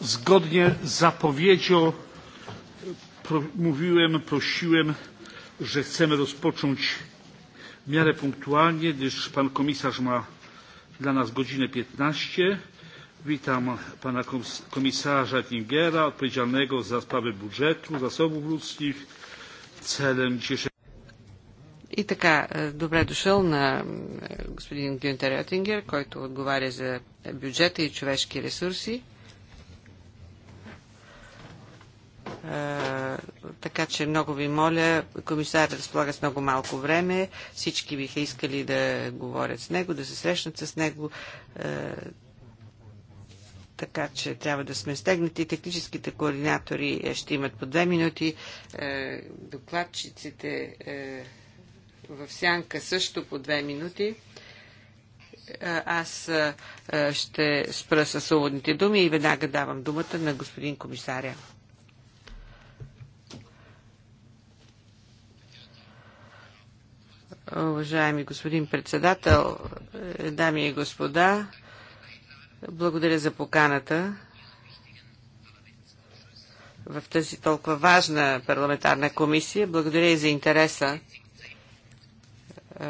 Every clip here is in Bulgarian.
Zgodnie z zapowiedzią mówiłem, prosiłem, że chcemy rozpocząć w miarę punktualnie, gdyż pan komisarz ma dla nas godzinę piętnaście. Witam pana komisarza Oettingera, odpowiedzialnego za sprawy budżetu, zasobów ludzkich. Celem dzisiejszego и така, добре дошъл на господин Гюнтер Ротингер, който отговаря за бюджета и човешки ресурси. така че много ви моля, комисар разполага с много малко време, всички биха искали да говорят с него, да се срещнат с него, така че трябва да сме стегнати. Техническите координатори ще имат по две минути, докладчиците в сянка също по две минути аз ще спра с уводните думи и веднага давам думата на господин комисаря. Уважаеми господин председател, дами и господа, благодаря за поканата в тази толкова важна парламентарна комисия. Благодаря и за интереса е,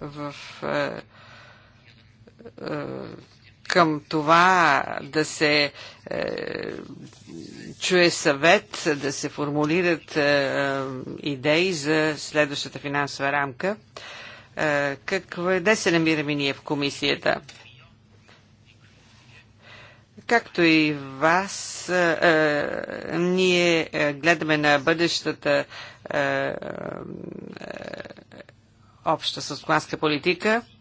в е, е, към това да се е, чуе съвет, да се формулират е, е идеи за следващата финансова рамка. Е, какво, де се намираме ние в комисията? Както и вас, е, е ние е, гледаме на бъдещата е, е, обща съскланска политика –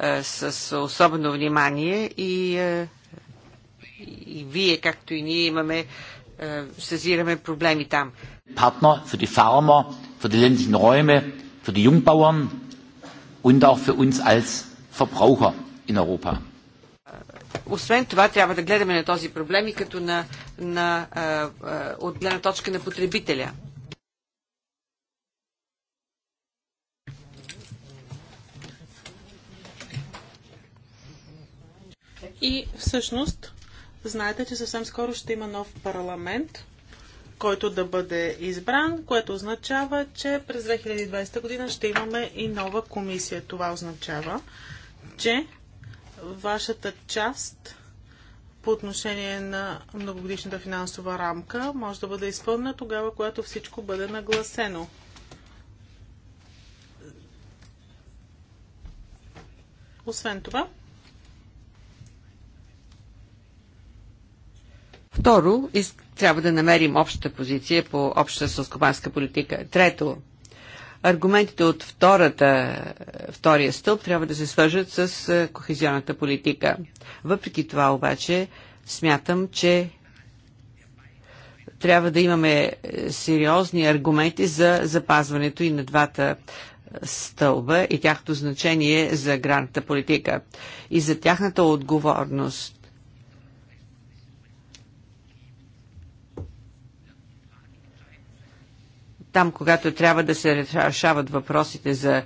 е, с особено внимание и, е, и вие, както и ние, имаме, е, съзираме проблеми там. Партнер за die фарма, за die ländlichen ройме, за die юнгбауан, und auch für uns als Verbraucher in Europa. Освен това, трябва да гледаме на този проблем и като на, на, на, от гледна точка на потребителя. И всъщност, знаете, че съвсем скоро ще има нов парламент, който да бъде избран, което означава, че през 2020 година ще имаме и нова комисия. Това означава, че вашата част по отношение на многогодишната финансова рамка може да бъде изпълнена тогава, когато всичко бъде нагласено. Освен това, Второ, трябва да намерим общата позиция по общата сълскопанска политика. Трето, аргументите от втората, втория стълб трябва да се свържат с е, кохезионната политика. Въпреки това обаче смятам, че трябва да имаме е, сериозни аргументи за запазването и на двата е, стълба и тяхното значение за гранната политика и за тяхната отговорност там, когато трябва да се решават въпросите за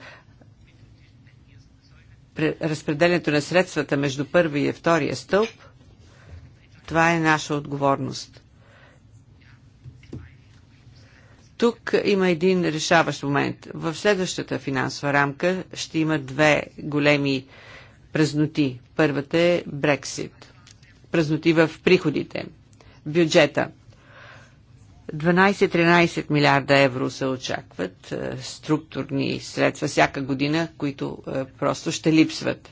разпределението на средствата между първи и втория стълб, това е наша отговорност. Тук има един решаващ момент. В следващата финансова рамка ще има две големи празноти. Първата е Брексит. Празноти в приходите, бюджета – 12-13 милиарда евро се очакват е, структурни средства всяка година, които е, просто ще липсват.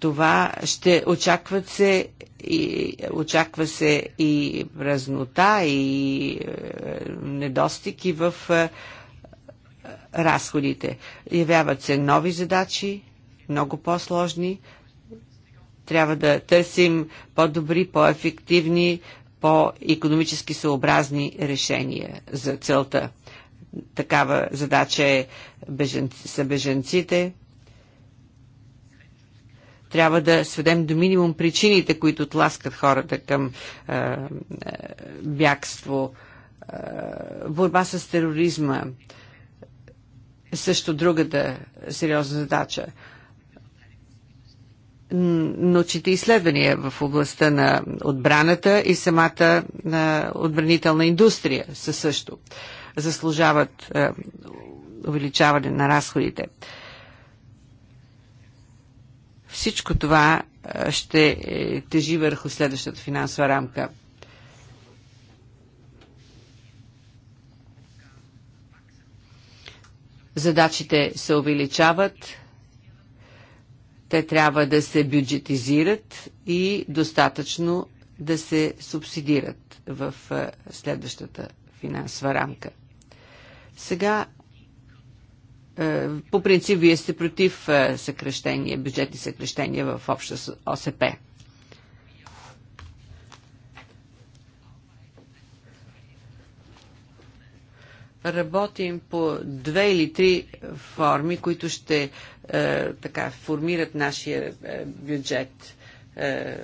Това ще очакват се и, очаква се и празнота, и е, недостиги в разходите. Явяват се нови задачи, много по-сложни. Трябва да търсим по-добри, по-ефективни по-економически съобразни решения за целта. Такава задача е беженци, са беженците. Трябва да сведем до минимум причините, които тласкат хората към е, е бягство, е, борба с тероризма, също другата сериозна задача. Е, научните изследвания в областта на отбраната и самата отбранителна индустрия са също заслужават увеличаване на разходите. Всичко това ще е, тежи върху следващата финансова рамка. Задачите се увеличават, те трябва да се бюджетизират и достатъчно да се субсидират в е, следващата финансова рамка. Сега, е, по принцип, вие сте против е, съкрещения, бюджетни съкрещения в обща ОСП. работим по две или три форми, които ще е, така, формират нашия е, бюджет. Е,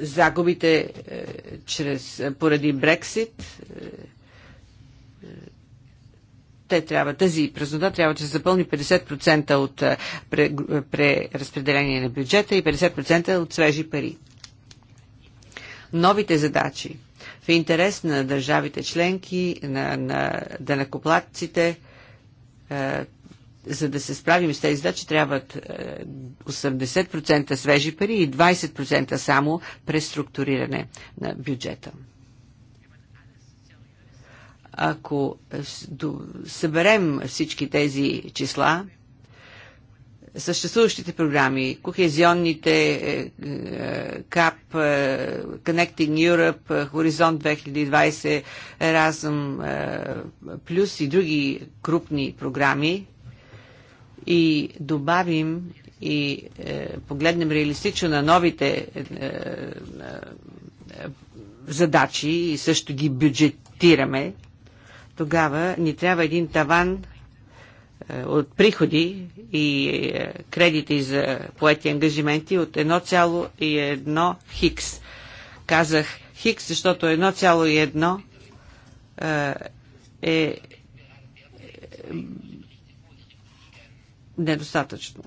загубите е, чрез, е, поради Брексит, е, е, те трябва, тази празнота трябва да се запълни 50% от е, преразпределение на бюджета и 50% от свежи пари. Новите задачи – в интерес на държавите членки, на, на данакоплатците, е, за да се справим с тези задачи, трябват 80% е, свежи пари и 20% само преструктуриране на бюджета. Ако съберем всички тези числа, съществуващите програми, кохезионните, е, е, КАП, е, Connecting Europe, Хоризонт 2020, Разъм Плюс и други крупни програми и добавим и погледнем реалистично на новите задачи и също ги бюджетираме, тогава ни трябва един таван е, от приходи и е, кредити за поети ангажименти от 1,1 хикс. Казах хикс, защото 1,1 е, е недостатъчно.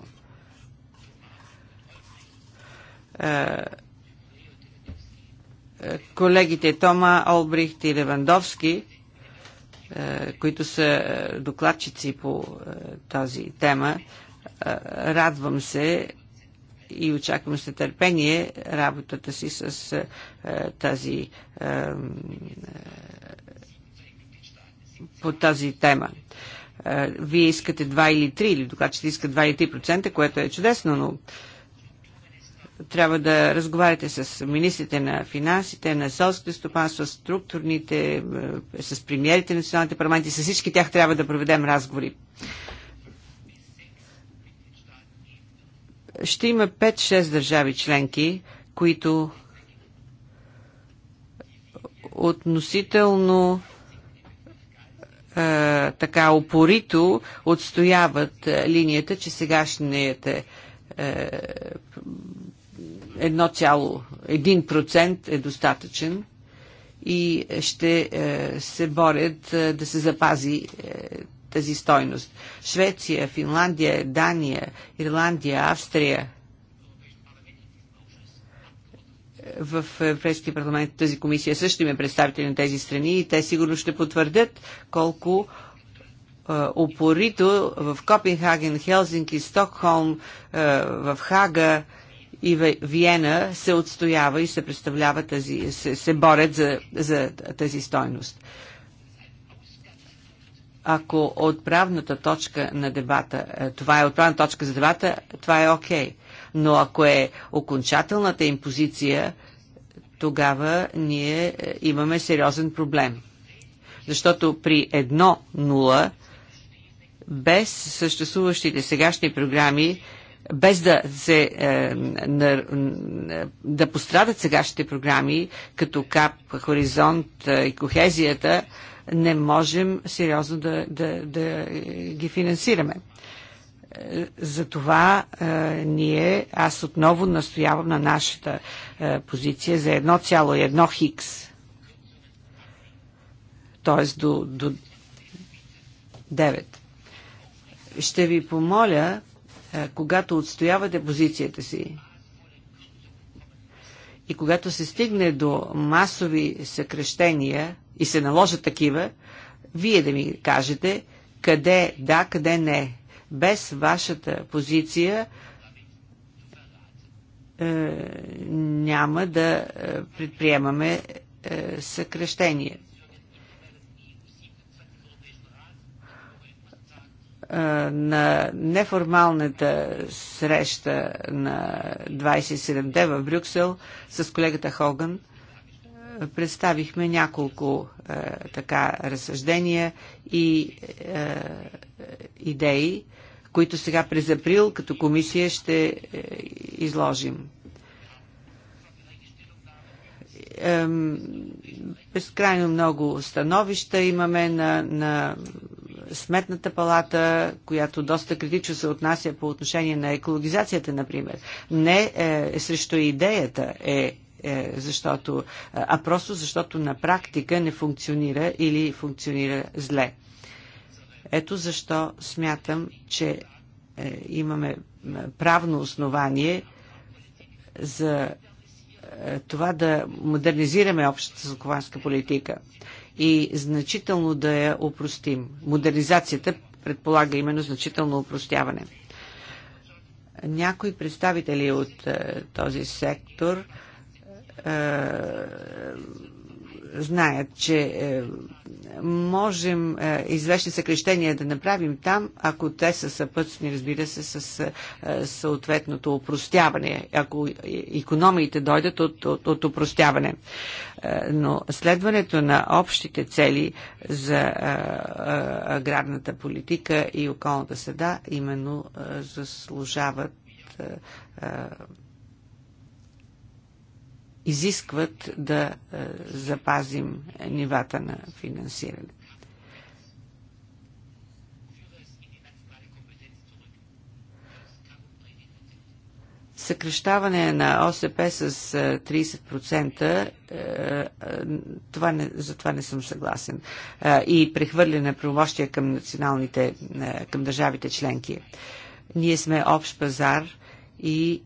Колегите Тома, Олбрихт и Левандовски – е, които са е, докладчици по е, тази тема. Радвам се и очаквам с търпение работата си с тази по тази тема. Вие искате 2 или 3, или докладчите искат 2 или 3%, което е чудесно, но трябва да разговаряте с министрите на финансите, на селските стопанства, с структурните, е, с премиерите на националните парламенти, с всички тях трябва да проведем разговори. Ще има 5-6 държави членки, които относително е, така опорито отстояват е, линията, че сегашните е, 1,1% е достатъчен и ще е, се борят е, да се запази е, тази стойност. Швеция, Финландия, Дания, Ирландия, Австрия в Европейския парламент тази комисия също има представители на тези страни и те сигурно ще потвърдят колко опорито в Копенхаген, Хелзинки, Стокхолм, в Хага и Виена се отстоява и се представлява тази, се, се борят за, за тази стойност. Ако отправната точка на дебата, е, това е отправна точка за дебата, това е окей. Okay. Но ако е окончателната им позиция, тогава ние е, имаме сериозен проблем. Защото при едно нула, без съществуващите сегашни програми, без да, се, е, да пострадат сегашните програми, като КАП, Хоризонт е, и Кохезията, не можем сериозно да, да, да ги финансираме. Е, Затова е, ние, аз отново настоявам на нашата е, позиция за 1,1 хикс. Т.е. До, до 9. Ще ви помоля когато отстоявате позицията си и когато се стигне до масови съкрещения и се наложат такива, вие да ми кажете къде да, къде не. Без вашата позиция е, няма да е, предприемаме е, съкрещение. на неформалната среща на 27-те в Брюксел с колегата Хоган представихме няколко е, така разсъждения и е, идеи, които сега през април като комисия ще е, изложим безкрайно много становища имаме на, на Сметната палата, която доста критично се отнася по отношение на екологизацията, например. Не е, е срещу идеята е, е защото, а просто защото на практика не функционира или функционира зле. Ето защо смятам, че е, имаме правно основание за това да модернизираме общата закованска политика и значително да я опростим. Модернизацията предполага именно значително упростяване. Някои представители от е, този сектор е, знаят, че е, можем е, известни съкрещения да направим там, ако те са съпътствани, разбира се, с е, съответното опростяване, ако економиите дойдат от, от, от опростяване. Е, но следването на общите цели за е, е, аграрната политика и околната среда именно заслужават изискват да е, запазим нивата на финансиране. съкрещаване на ОСП с 30%, е, е, това не, за това не съм съгласен. И прехвърляне на правомощия към националните, към държавите членки. Ние сме общ пазар и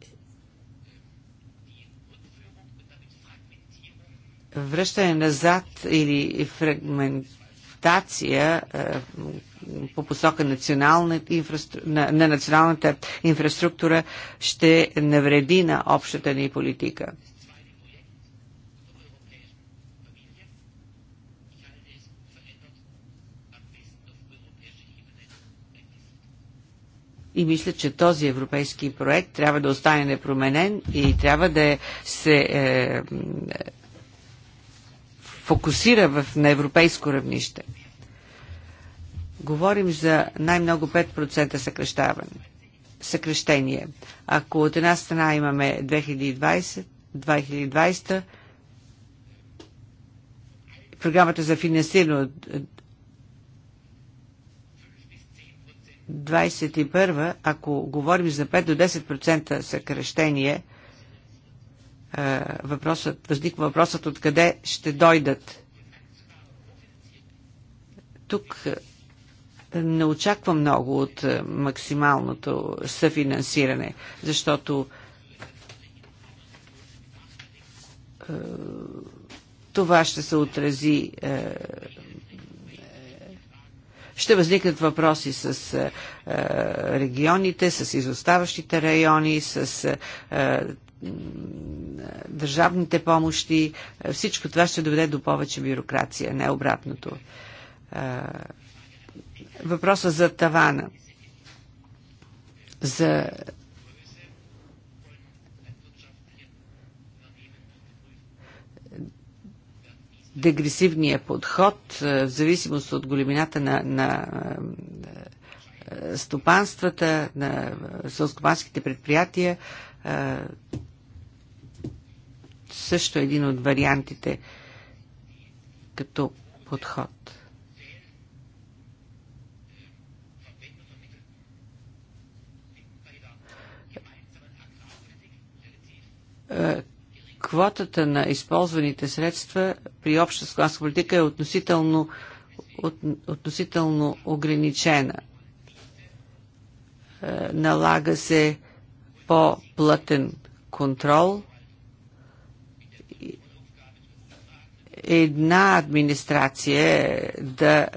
връщане назад или фрагментация по посока национална инфраструк... на, на националната инфраструктура ще навреди на общата ни политика. И мисля, че този европейски проект трябва да остане непроменен и трябва да се е, фокусира в, на европейско равнище. Говорим за най-много 5% съкрещаване. Съкрещение. Ако от една страна имаме 2020, 2020 програмата за финансиране от 21, ако говорим за 5 до 10% съкрещение – въпросът, възниква въпросът откъде ще дойдат. Тук не очаквам много от максималното съфинансиране, защото това ще се отрази. Ще възникнат въпроси с регионите, с изоставащите райони, с държавните помощи, всичко това ще доведе до повече бюрокрация, не обратното. Въпроса за тавана, за дегресивния подход, в зависимост от големината на, на стопанствата, на сълскопанските предприятия, също един от вариантите като подход. Е, квотата на използваните средства при обща скланска политика е относително, от, относително ограничена. Е, налага се по-плътен контрол – една администрация да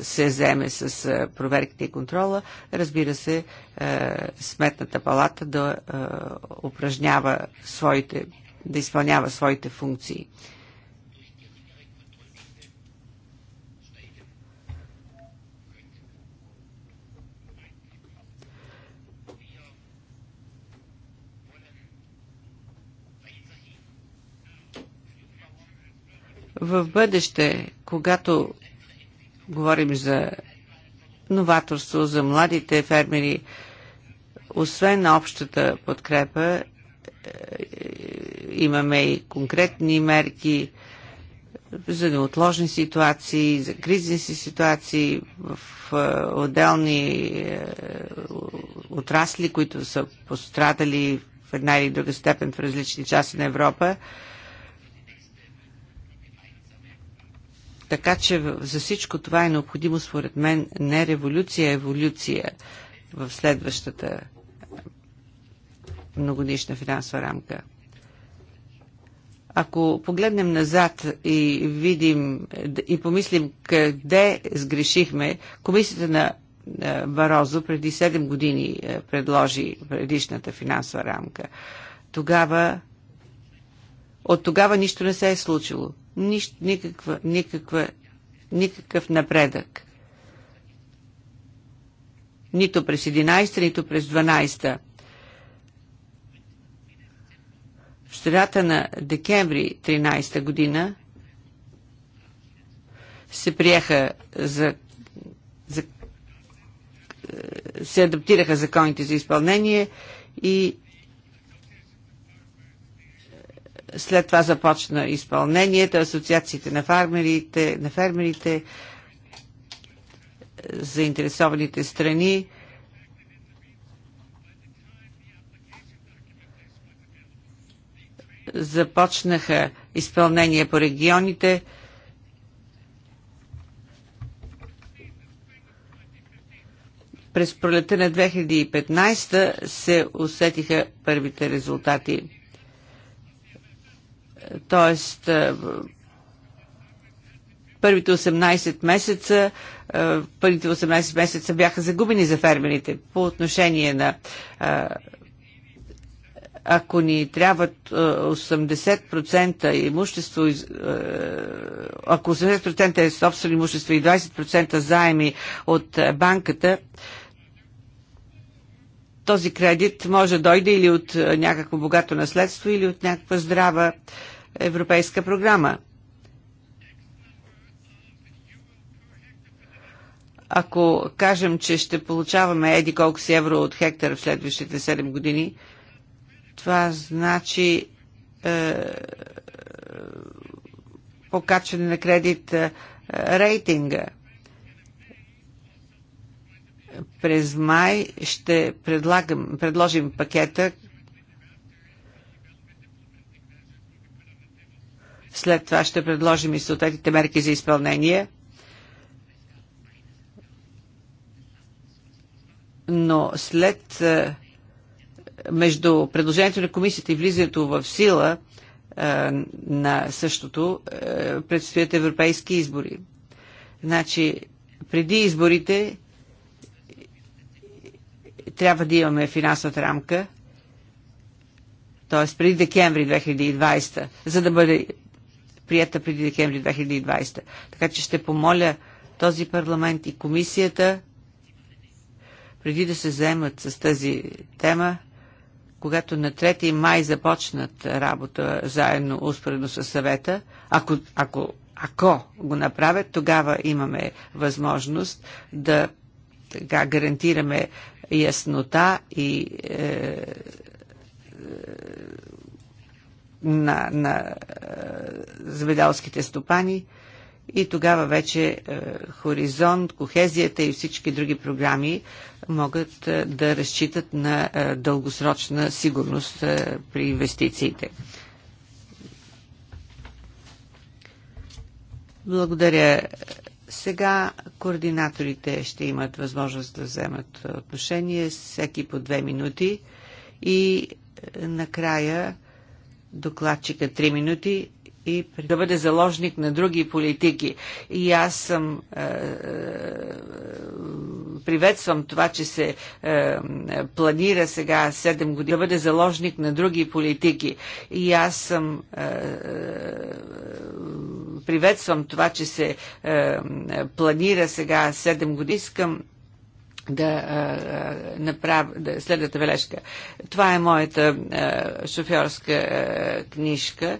се вземе с проверките и контрола. Разбира се, Сметната палата да упражнява своите, да изпълнява своите функции. В бъдеще, когато говорим за новаторство, за младите фермери, освен общата подкрепа, е, имаме и конкретни мерки за неотложни ситуации, за кризисни ситуации в е, отделни е, отрасли, които са пострадали в една или друга степен в различни части на Европа. Така че за всичко това е необходимо, според мен, не революция, а еволюция в следващата е, многодишна финансова рамка. Ако погледнем назад и видим и помислим къде сгрешихме, комисията на е, Барозо преди 7 години е, предложи предишната финансова рамка. Тогава от тогава нищо не се е случило. Нищ, никаква, никаква, никакъв напредък. Нито през 11-та, нито през 12-та. В средата на декември 13-та година се приеха за, за се адаптираха законите за изпълнение и След това започна изпълнението, асоциациите на фермерите, на фермерите заинтересованите страни. Започнаха изпълнение по регионите. През пролета на 2015 се усетиха първите резултати. Тоест, е, първите 18 месеца, е, първите 18 месеца бяха загубени за фермерите по отношение на е, ако ни трябват 80% имущество, ако 80% е собствено имущество и 20% заеми от банката, този кредит може да дойде или от някакво богато наследство, или от някаква здрава европейска програма. Ако кажем, че ще получаваме еди колко си евро от хектар в следващите 7 години, това значи е, покачване на кредит е, рейтинга. През май ще предложим пакета, След това ще предложим и съответните мерки за изпълнение. Но след е, между предложението на комисията и влизането в сила е, на същото е, предстоят европейски избори. Значи, преди изборите трябва да имаме финансовата рамка, т.е. преди декември 2020, за да бъде прията преди декември 2020. Така че ще помоля този парламент и комисията, преди да се заемат с тази тема, когато на 3 май започнат работа заедно успоредно с съвета, ако, ако, ако го направят, тогава имаме възможност да така, гарантираме яснота и е, е на, на е, земеделските стопани и тогава вече е, Хоризонт, Кохезията и всички други програми могат е, да разчитат на е, дългосрочна сигурност е, при инвестициите. Благодаря. Сега координаторите ще имат възможност да вземат отношение всеки по две минути и е, накрая докладчика 3 минути и да бъде заложник на други политики. И аз съм е, е приветствам това, че се е, планира сега 7 години да бъде заложник на други политики. И аз съм е, е приветствам това, че се е, планира сега 7 години. Искам да, а, направ... да следвате бележка. Това е моята а, шофьорска а, книжка.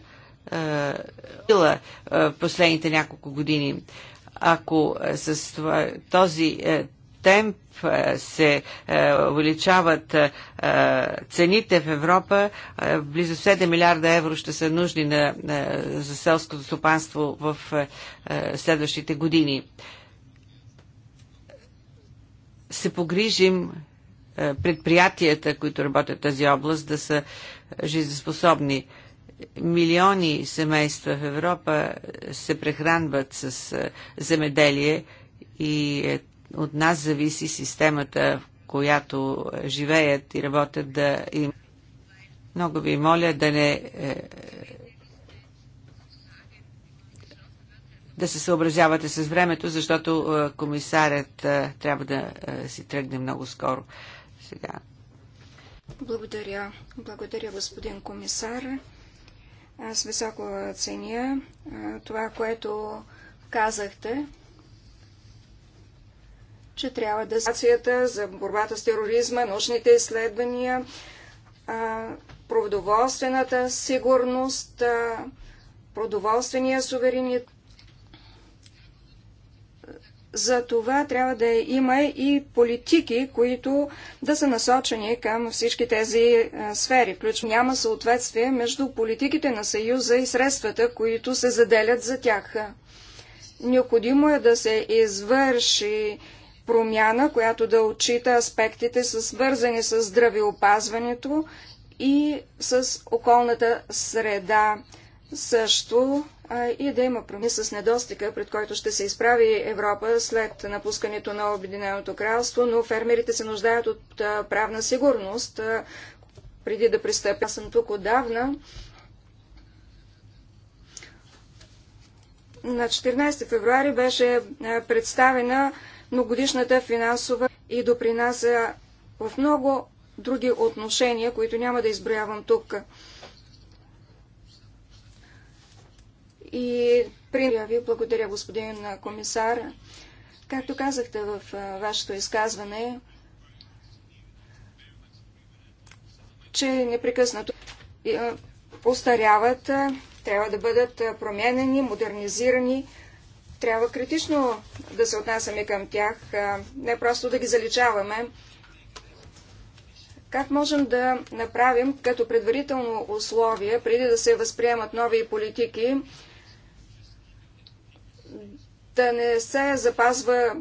Била в последните няколко години. Ако с това, този темп се увеличават цените в Европа. Близо 7 милиарда евро ще са нужни на, за селското стопанство в следващите години се погрижим е, предприятията, които работят в тази област, да са жизнеспособни. Милиони семейства в Европа е, се прехранват с е, земеделие и от нас зависи системата, в която живеят и работят да им. Много ви моля да не да се съобразявате с времето, защото е, комисарят е, трябва да е, си тръгне много скоро. Сега. Благодаря. Благодаря, господин комисар. Аз високо ценя това, което казахте, че трябва да ситуацията за борбата с тероризма, научните изследвания, продоволствената сигурност, продоволствения суверенитет, за това трябва да има и политики, които да са насочени към всички тези е, сфери. Включ няма съответствие между политиките на Съюза и средствата, които се заделят за тях. Необходимо е да се извърши промяна, която да отчита аспектите, свързани с здравеопазването и с околната среда. Също и да има промис с недостига, пред който ще се изправи Европа след напускането на Обединеното кралство, но фермерите се нуждаят от правна сигурност преди да пристъпя. Аз съм тук отдавна. На 14 февруари беше представена многогодишната финансова и допринася в много други отношения, които няма да изброявам тук. И при ви благодаря, господин комисар. Както казахте в вашето изказване, че непрекъснато постаряват, трябва да бъдат променени, модернизирани. Трябва критично да се отнасяме към тях, не просто да ги заличаваме. Как можем да направим като предварително условие, преди да се възприемат нови политики, да не се запазва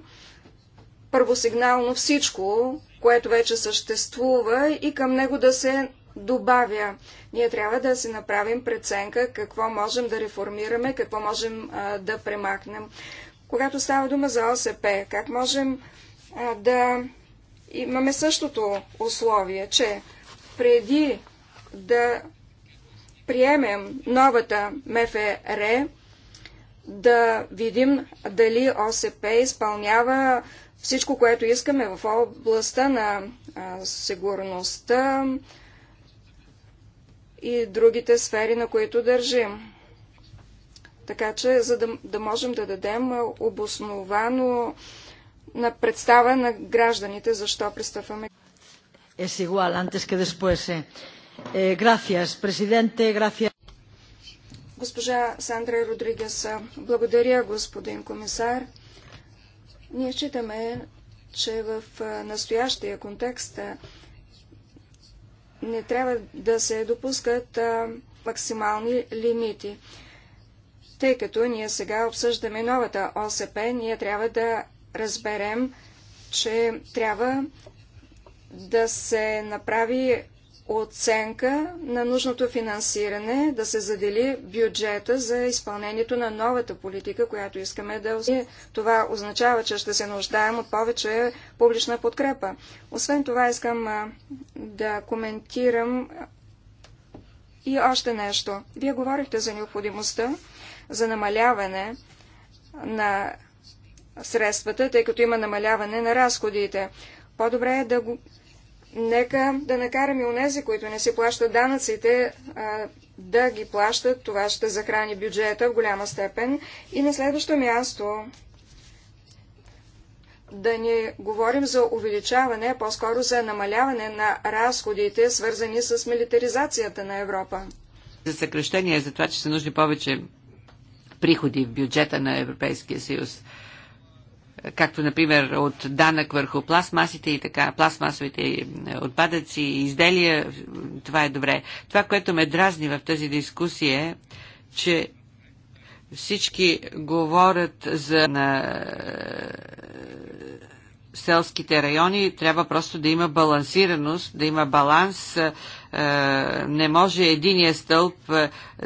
първосигнално всичко, което вече съществува и към него да се добавя. Ние трябва да си направим преценка какво можем да реформираме, какво можем а, да премахнем. Когато става дума за ОСП, как можем а, да имаме същото условие, че преди да приемем новата МФР, да видим дали ОСП изпълнява всичко, което искаме в областта на сигурността и другите сфери, на които държим. Така че, за да, да можем да дадем обосновано на представа на гражданите, защо пристъпваме. Е igual, antes que después. Eh. Eh, gracias, presidente, Госпожа Сандра Родригес, благодаря, господин комисар. Ние считаме, че в настоящия контекст не трябва да се допускат максимални лимити. Тъй като ние сега обсъждаме новата ОСП, ние трябва да разберем, че трябва да се направи оценка на нужното финансиране, да се задели бюджета за изпълнението на новата политика, която искаме да Това означава, че ще се нуждаем от повече публична подкрепа. Освен това искам да коментирам и още нещо. Вие говорихте за необходимостта за намаляване на средствата, тъй като има намаляване на разходите. По-добре е да Нека да накараме онези, които не си плащат данъците, да ги плащат. Това ще захрани бюджета в голяма степен. И на следващо място да не говорим за увеличаване, а по-скоро за намаляване на разходите, свързани с милитаризацията на Европа. За съкрещение за това, че са нужни повече приходи в бюджета на Европейския съюз както например от данък върху пластмасите и така, пластмасовите е, отпадъци и изделия, това е добре. Това, което ме дразни в тази дискусия е, че всички говорят за на е, селските райони, трябва просто да има балансираност, да има баланс. Е, не може единия стълб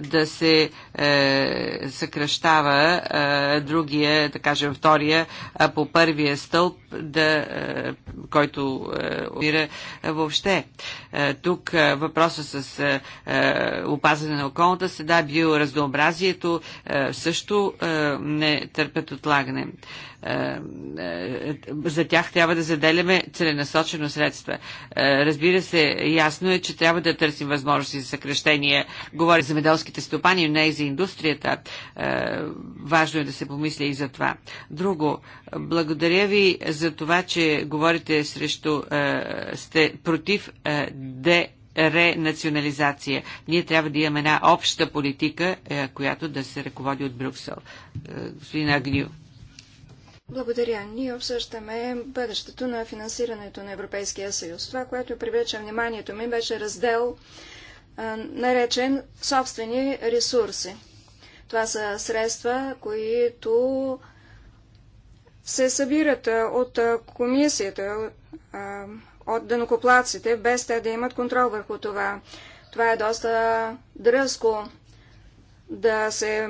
да се е, съкръщава е, другия, да кажем втория, а по първия стълб, да, е, който е, опира е, въобще. Е, тук е, въпроса с е, е опазване на околната седа, биоразнообразието е, също е, не търпят отлагане. Е, за тях трябва да заделяме целенасочено средства. разбира се, ясно е, че трябва да търсим възможности за съкрещение. Говори за меделските стопани, не и за за индустрията. Е, важно е да се помисля и за това. Друго, благодаря ви за това, че говорите срещу, е, сте против е, де ренационализация. Ние трябва да имаме една обща политика, която да се ръководи от Брюксел. Господин Агню. Благодаря. Ние обсъждаме бъдещето на финансирането на Европейския съюз. Това, което привлече вниманието ми, беше раздел наречен собствени ресурси. Това са средства, които се събират от комисията, от денокоплаците, без те да имат контрол върху това. Това е доста дръзко да се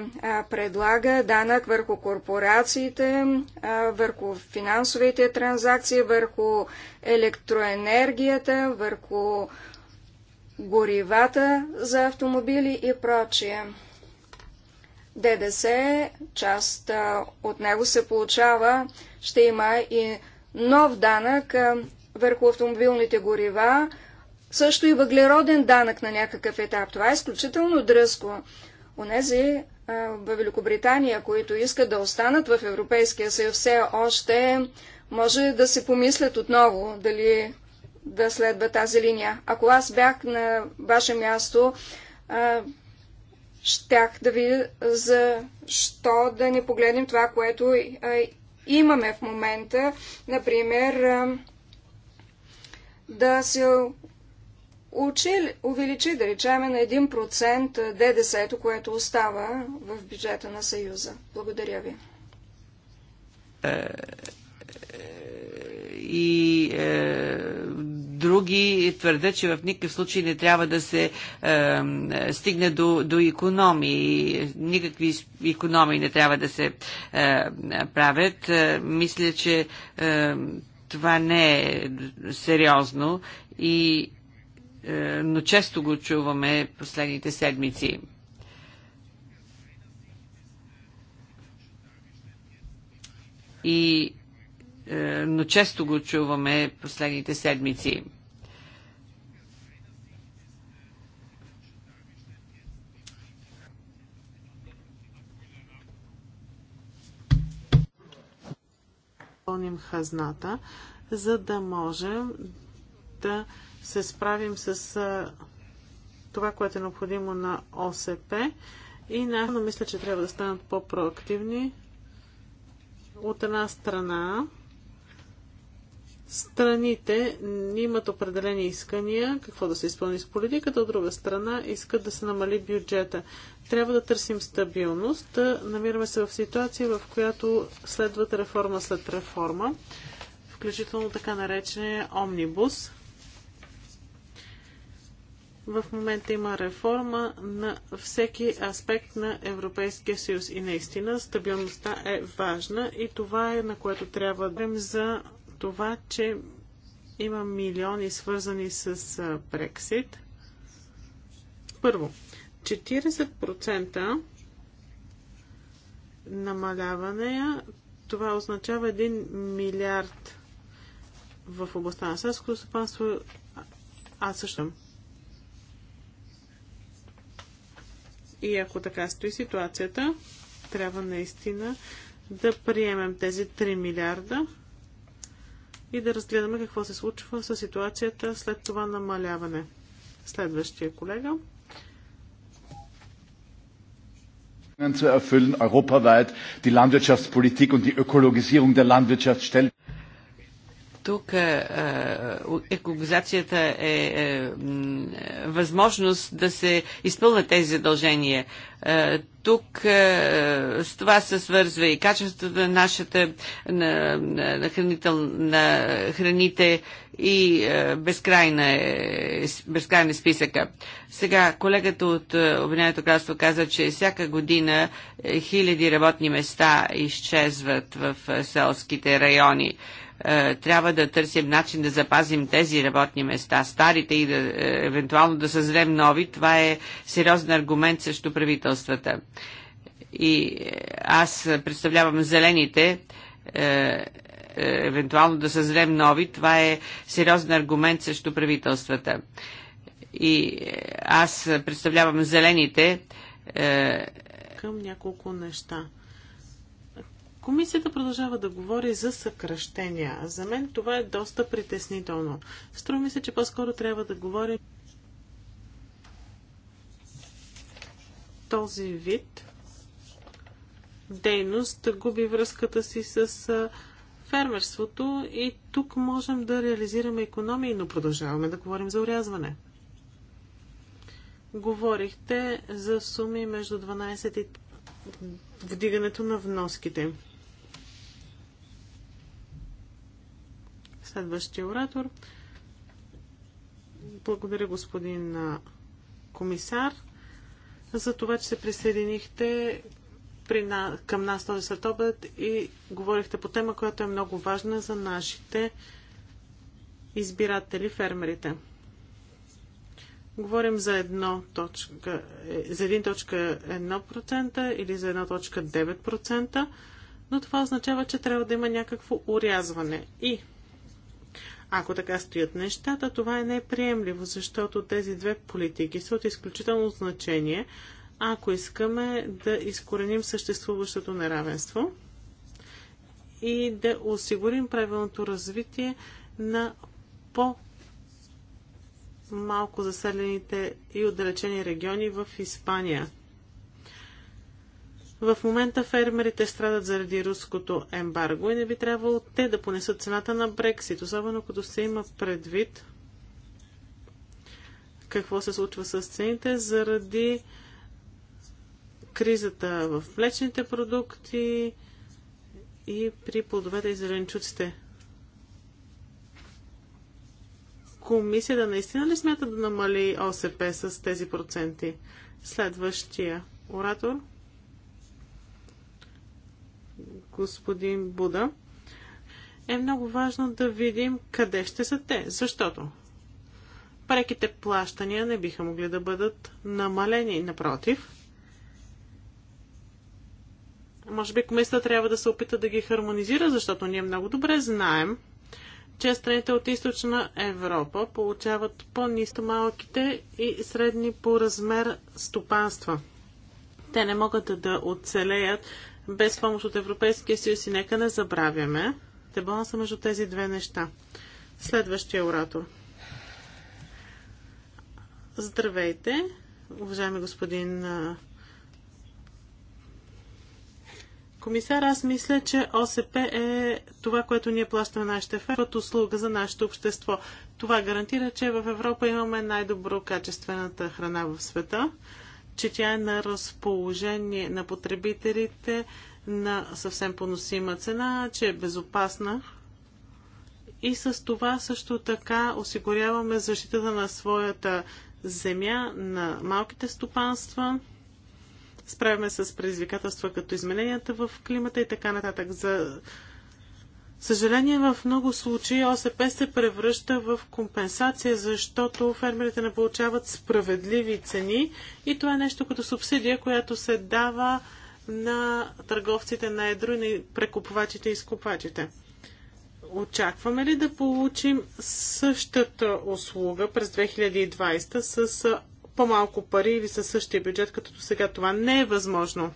предлага данък върху корпорациите, върху финансовите транзакции, върху електроенергията, върху горивата за автомобили и прочие. ДДС, част от него се получава, ще има и нов данък върху автомобилните горива, също и въглероден данък на някакъв етап. Това е изключително дръско. Онези в Великобритания, които искат да останат в Европейския съюз все още, може да се помислят отново дали да следва тази линия. Ако аз бях на ваше място, а, щях да видя защо да не погледнем това, което а, имаме в момента. Например, а, да се учи, увеличи, да речеме, на 1% ДДС, което остава в бюджета на Съюза. Благодаря ви. Е, и е, други твърдят, че в никакъв случай не трябва да се е, стигне до, до економии. Никакви економии не трябва да се е, правят. Е, мисля, че е, това не е сериозно, и, е, но често го чуваме последните седмици. И е, но често го чуваме последните седмици. пълним хазната, за да можем да се справим с е, това, което е необходимо на ОСП. И на... но мисля, че трябва да станат по-проактивни. От една страна, страните имат определени искания, какво да се изпълни с политиката, от друга страна искат да се намали бюджета. Трябва да търсим стабилност, намираме се в ситуация, в която следват реформа след реформа, включително така наречения омнибус. В момента има реформа на всеки аспект на Европейския съюз и наистина стабилността е важна и това е на което трябва да за това, че има милиони свързани с Брексит. Първо, 40% намаляване, това означава 1 милиард в областта на селското стопанство. Аз също. И ако така стои ситуацията, трябва наистина да приемем тези 3 милиарда и да разгледаме какво се случва с ситуацията след това намаляване. Следващия колега. zu erfüllen, europaweit die Landwirtschaftspolitik und die Ökologisierung der Landwirtschaft stellt. Тук екологизацията е, е възможност да се изпълнят тези задължения. Тук с това се свързва и качеството на нашата на, на, на, хранител, на храните и безкрайна е, безкрайна е списъка. Сега колегата от Обединеното кралство каза, че всяка година е, хиляди работни места изчезват в селските райони. Е, трябва да търсим начин да запазим тези работни места, старите и да, е, евентуално да съзрем нови. Това е сериозен аргумент срещу правителствата. И е, аз представлявам зелените евентуално да съзрем нови, това е сериозен аргумент срещу правителствата. И аз представлявам зелените. Е... Към няколко неща. Комисията продължава да говори за съкръщения. За мен това е доста притеснително. Струва ми се, че по-скоро трябва да говорим този вид дейност губи връзката си с фермерството и тук можем да реализираме економии, но продължаваме да говорим за урязване. Говорихте за суми между 12 и вдигането на вноските. Следващия оратор. Благодаря, господин комисар, за това, че се присъединихте при на... към нас този следобед и говорихте по тема, която е много важна за нашите избиратели, фермерите. Говорим за, 1 точка, е, за 1.1% или за 1.9%, но това означава, че трябва да има някакво урязване. И ако така стоят нещата, това е неприемливо, защото тези две политики са от изключително значение, ако искаме да изкореним съществуващото неравенство и да осигурим правилното развитие на по- малко заселените и отдалечени региони в Испания – в момента фермерите страдат заради руското ембарго и не би трябвало те да понесат цената на Брексит, особено като се има предвид какво се случва с цените заради кризата в млечните продукти и при плодовете и зеленчуците. Комисията наистина ли смята да намали ОСП с тези проценти? Следващия оратор – господин Буда, е много важно да видим къде ще са те, защото преките плащания не биха могли да бъдат намалени, напротив. Може би комисията трябва да се опита да ги хармонизира, защото ние много добре знаем, че страните от източна Европа получават по-нисто малките и средни по размер стопанства. Те не могат да оцелеят без помощ от Европейския съюз и нека не забравяме дебаланса между тези две неща. Следващия оратор. Здравейте, уважаеми господин комисар. Аз мисля, че ОСП е това, което ние плащаме нашите ферми като услуга за нашето общество. Това гарантира, че в Европа имаме най-добро качествената храна в света че тя е на разположение на потребителите на съвсем поносима цена, че е безопасна. И с това също така осигуряваме защитата на своята земя, на малките стопанства. Справяме с предизвикателства като измененията в климата и така нататък. За съжаление, в много случаи ОСП се превръща в компенсация, защото фермерите не получават справедливи цени и това е нещо като субсидия, която се дава на търговците на едро и на прекупвачите и изкупвачите. Очакваме ли да получим същата услуга през 2020 с по-малко пари или със същия бюджет, като сега това не е възможно?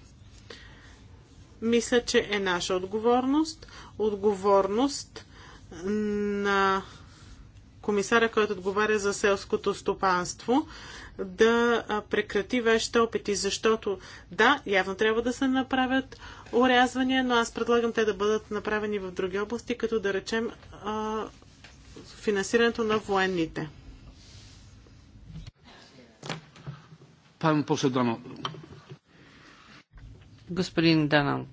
Мисля, че е наша отговорност отговорност на комисаря, който отговаря за селското стопанство, да прекрати вещите опити, защото да, явно трябва да се направят урязвания, но аз предлагам те да бъдат направени в други области, като да речем а, финансирането на военните. Господин Даналд.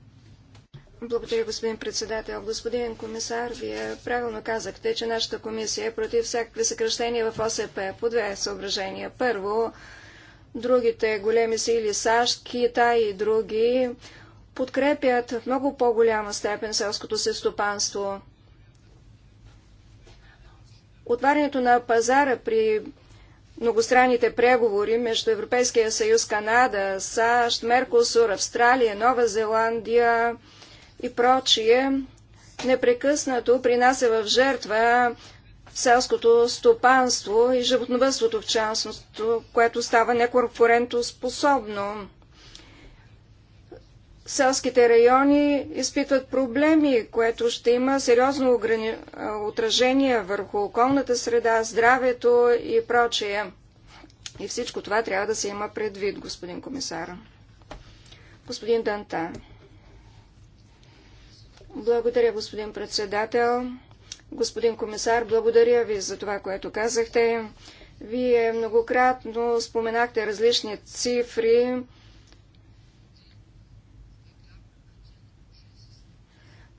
Благодаря, господин председател. Господин комисар, вие правилно казахте, че нашата комисия е против всякакви съкръщения в ОСП по две съображения. Първо, другите големи сили САЩ, Китай и други подкрепят в много по-голяма степен селското си стопанство. Отварянето на пазара при многостранните преговори между Европейския съюз, Канада, САЩ, Меркосур, Австралия, Нова Зеландия, и прочие, непрекъснато принася в жертва селското стопанство и животновътството в частност, което става неконкурентоспособно. Селските райони изпитват проблеми, което ще има сериозно ограни... отражение върху околната среда, здравето и прочее. И всичко това трябва да се има предвид, господин комисар. Господин Данта. Благодаря, господин председател. Господин комисар, благодаря ви за това, което казахте. Вие многократно споменахте различни цифри.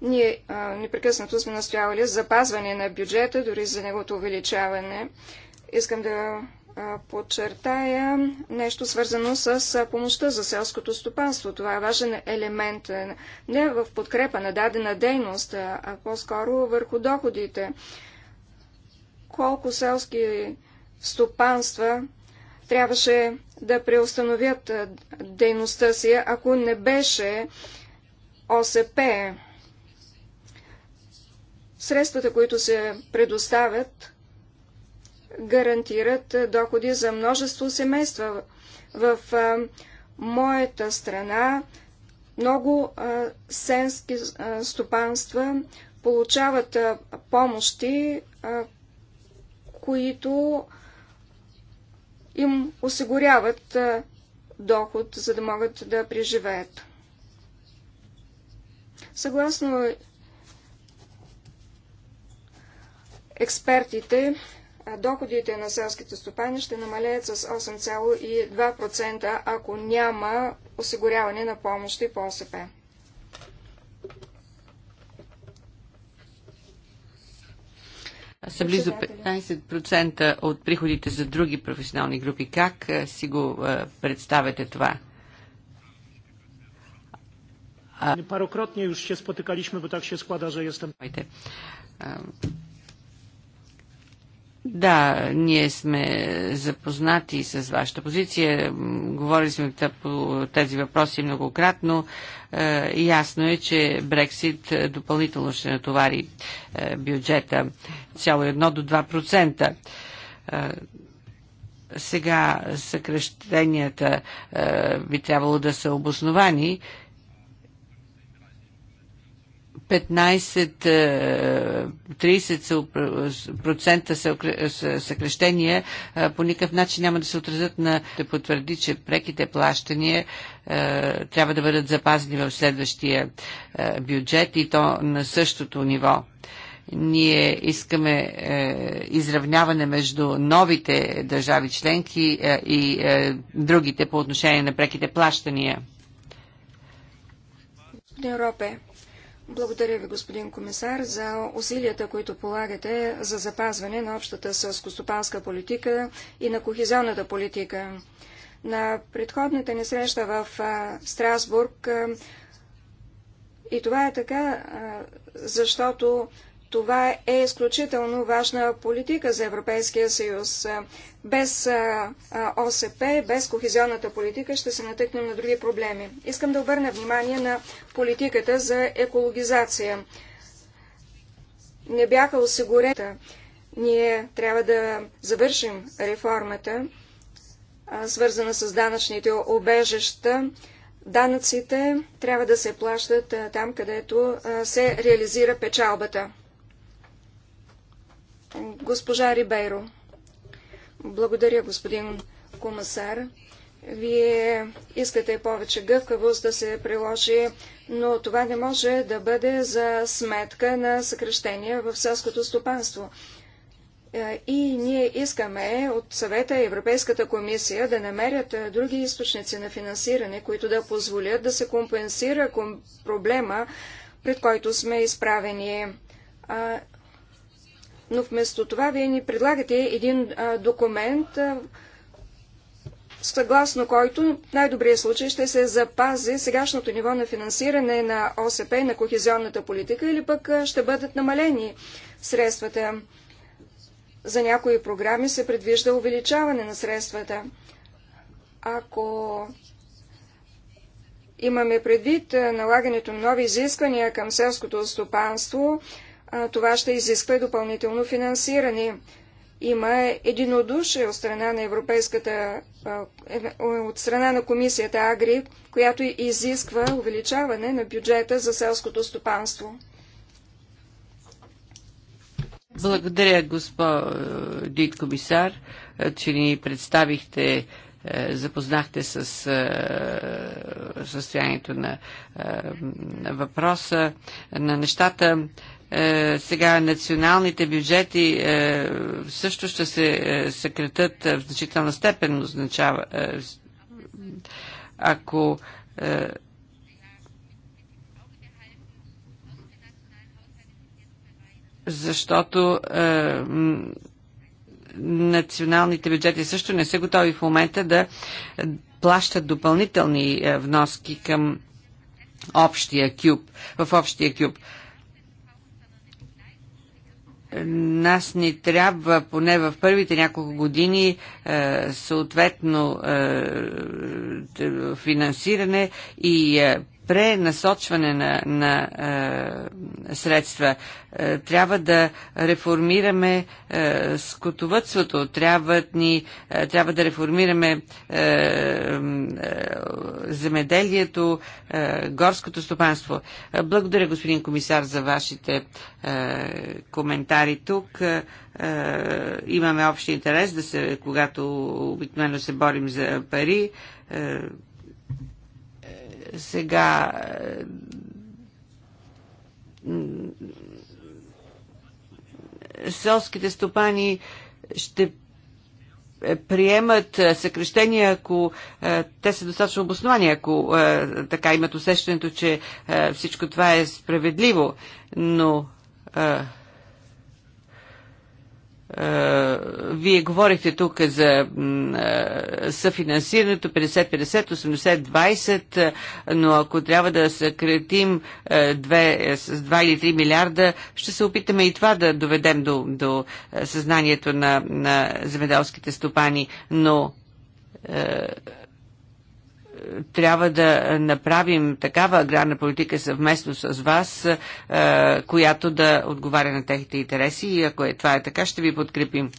Ние а, непрекъснато сме настоявали запазване на бюджета, дори за неговото увеличаване. Искам да подчертая нещо свързано с помощта за селското стопанство. Това е важен елемент е, не в подкрепа на дадена дейност, а по-скоро върху доходите. Колко селски стопанства трябваше да преустановят дейността си, ако не беше ОСП. Средствата, които се предоставят, гарантират доходи за множество семейства. В а, моята страна много а, сенски а, стопанства получават а, помощи, а, които им осигуряват а, доход, за да могат да преживеят. Съгласно експертите, доходите на селските стопани ще намалеят с 8,2%, ако няма осигуряване на помощи по ОСП. са близо 15% от приходите за други професионални групи. Как си го представяте това? Parokrotnie już się spotykaliśmy, bo tak się składa, że да, ние сме запознати с вашата позиция. Говорили сме по тези въпроси многократно. Е, ясно е, че Брексит е, допълнително ще натовари е, бюджета цяло 1 до 2%. Сега съкрещенията би трябвало да са обосновани 15-30% е, съкрещения е, по никакъв начин няма да се отразят на да потвърди, че преките плащания е, трябва да бъдат запазени в следващия бюджет и то на същото ниво ние искаме е, изравняване между новите държави членки е, и е, другите по отношение на преките плащания. Господин Ропе, благодаря ви, господин комисар, за усилията, които полагате за запазване на общата сълскостопанска политика и на кохезионната политика. На предходната ни среща в Страсбург и това е така, защото това е изключително важна политика за Европейския съюз. Без ОСП, без кохезионната политика ще се натъкнем на други проблеми. Искам да обърна внимание на политиката за екологизация. Не бяха осигурени. Ние трябва да завършим реформата, свързана с данъчните обежища. Данъците трябва да се плащат там, където се реализира печалбата. Госпожа Рибейро. Благодаря, господин комисар. Вие искате повече гъвкавост да се приложи, но това не може да бъде за сметка на съкрещения в селското стопанство. Е, и ние искаме от съвета Европейската комисия да намерят е, други източници на финансиране, които да позволят да се компенсира проблема, пред който сме изправени. А, но вместо това вие ни предлагате един а, документ, а, съгласно който в най-добрия случай ще се запази сегашното ниво на финансиране на ОСП и на кохезионната политика или пък а, ще бъдат намалени средствата. За някои програми се предвижда увеличаване на средствата. Ако имаме предвид налагането на нови изисквания към селското стопанство, това ще изисква и допълнително финансиране. Има единодушие от страна на Европейската, от страна на комисията Агри, която изисква увеличаване на бюджета за селското стопанство. Благодаря, господин комисар, че ни представихте, е, запознахте с е, състоянието на е, въпроса, на нещата. Е, сега националните бюджети е, също ще се е, съкретат в значителна степен, означава, ако защото е, националните бюджети също не са готови в момента да плащат допълнителни е, вноски към общия кюб, в общия кюб. Е, нас ни трябва поне в първите няколко години е, съответно е, финансиране и е, пренасочване на, на е, средства. Е, трябва да реформираме е, скотовътството, трябва, ни, е, трябва да реформираме е, е, земеделието, е, горското стопанство. Е, благодаря, господин комисар, за вашите е, коментари тук. Е, е имаме общи интерес да се, когато обикновено се борим за пари. Е, сега е, селските стопани ще е, приемат съкрещения, ако е, те са достатъчно обосновани, ако така имат усещането, че всичко това е справедливо, но е, вие говорихте тук за е, съфинансирането 50-50, 80-20, е, но ако трябва да съкретим 2, с 2 или 3 милиарда, ще се опитаме и това да доведем до, до съзнанието на, на земеделските стопани, но трябва да направим такава аграрна политика съвместно с вас, е, която да отговаря на техните интереси и ако е това е така, ще ви подкрепим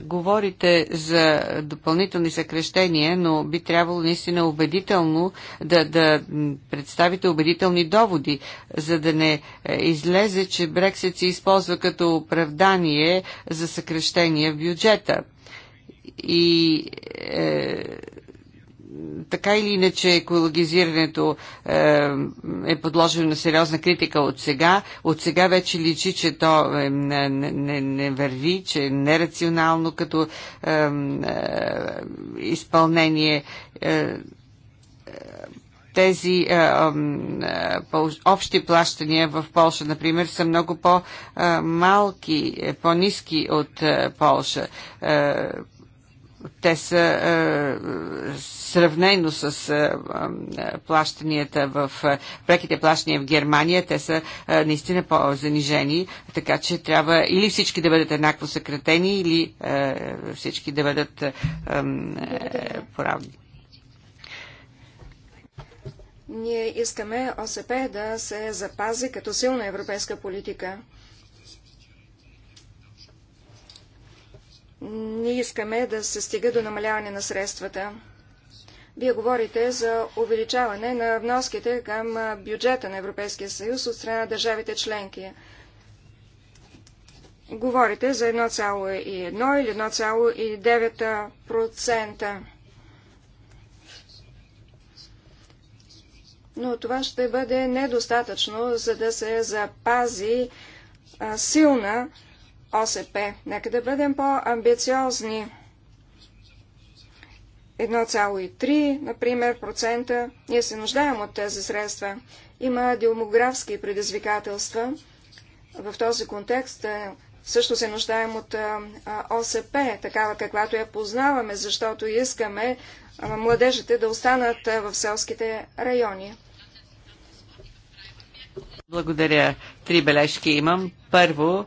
говорите за допълнителни съкрещения, но би трябвало наистина убедително да, да представите убедителни доводи, за да не е, излезе, че Брексит се използва като оправдание за съкрещения в бюджета. И е, така или иначе екологизирането е, е подложено на сериозна критика от сега. От сега вече личи, че то е, не, не, не върви, че е нерационално като е, е, изпълнение. Е, е тези е, е, е, общи плащания в Польша, например, са много по-малки, е, по-низки от е, Польша. Е, те са а, е, сравнено с а, е, е, плащанията в преките плащания в Германия, те са а, наистина по-занижени, така че трябва или всички да бъдат еднакво съкратени, или а, всички да бъдат а, а, поравни. Ние искаме ОСП да се запази като силна европейска политика. не искаме да се стига до намаляване на средствата. Вие говорите за увеличаване на вноските към бюджета на Европейския съюз от страна на държавите членки. Говорите за 1,1 или 1,9%. Но това ще бъде недостатъчно, за да се запази силна ОСП. Нека да бъдем по-амбициозни. 1,3, например, процента. Ние се нуждаем от тези средства. Има демографски предизвикателства. В този контекст е, също се нуждаем от е, е, ОСП, такава каквато я познаваме, защото искаме младежите да останат в селските райони. Благодаря. Три бележки имам. Първо,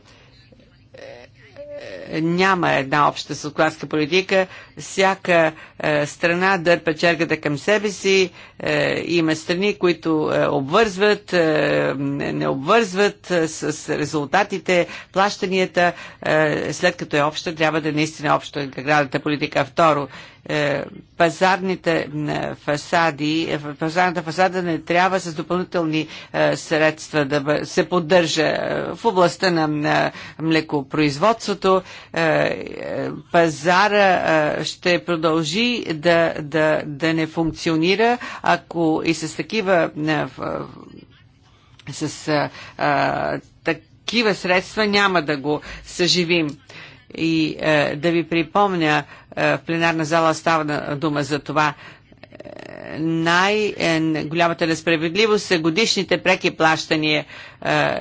няма една обща сладкарска политика. Всяка е, страна дърпа чергата към себе си. Е, има страни, които е, обвързват, е, не обвързват е, с резултатите, плащанията. Е, след като е обща, трябва да е наистина обща градата политика. Второ, е, пазарните е, фасади, е, пазарната фасада не трябва с допълнителни средства да се поддържа в областта на млекопроизводството. Пазара ще продължи да, да, да не функционира, ако и с такива с а, такива средства няма да го съживим и е, да ви припомня, е, в пленарна зала става дума за това, е, най-голямата несправедливост са годишните преки плащания. Е,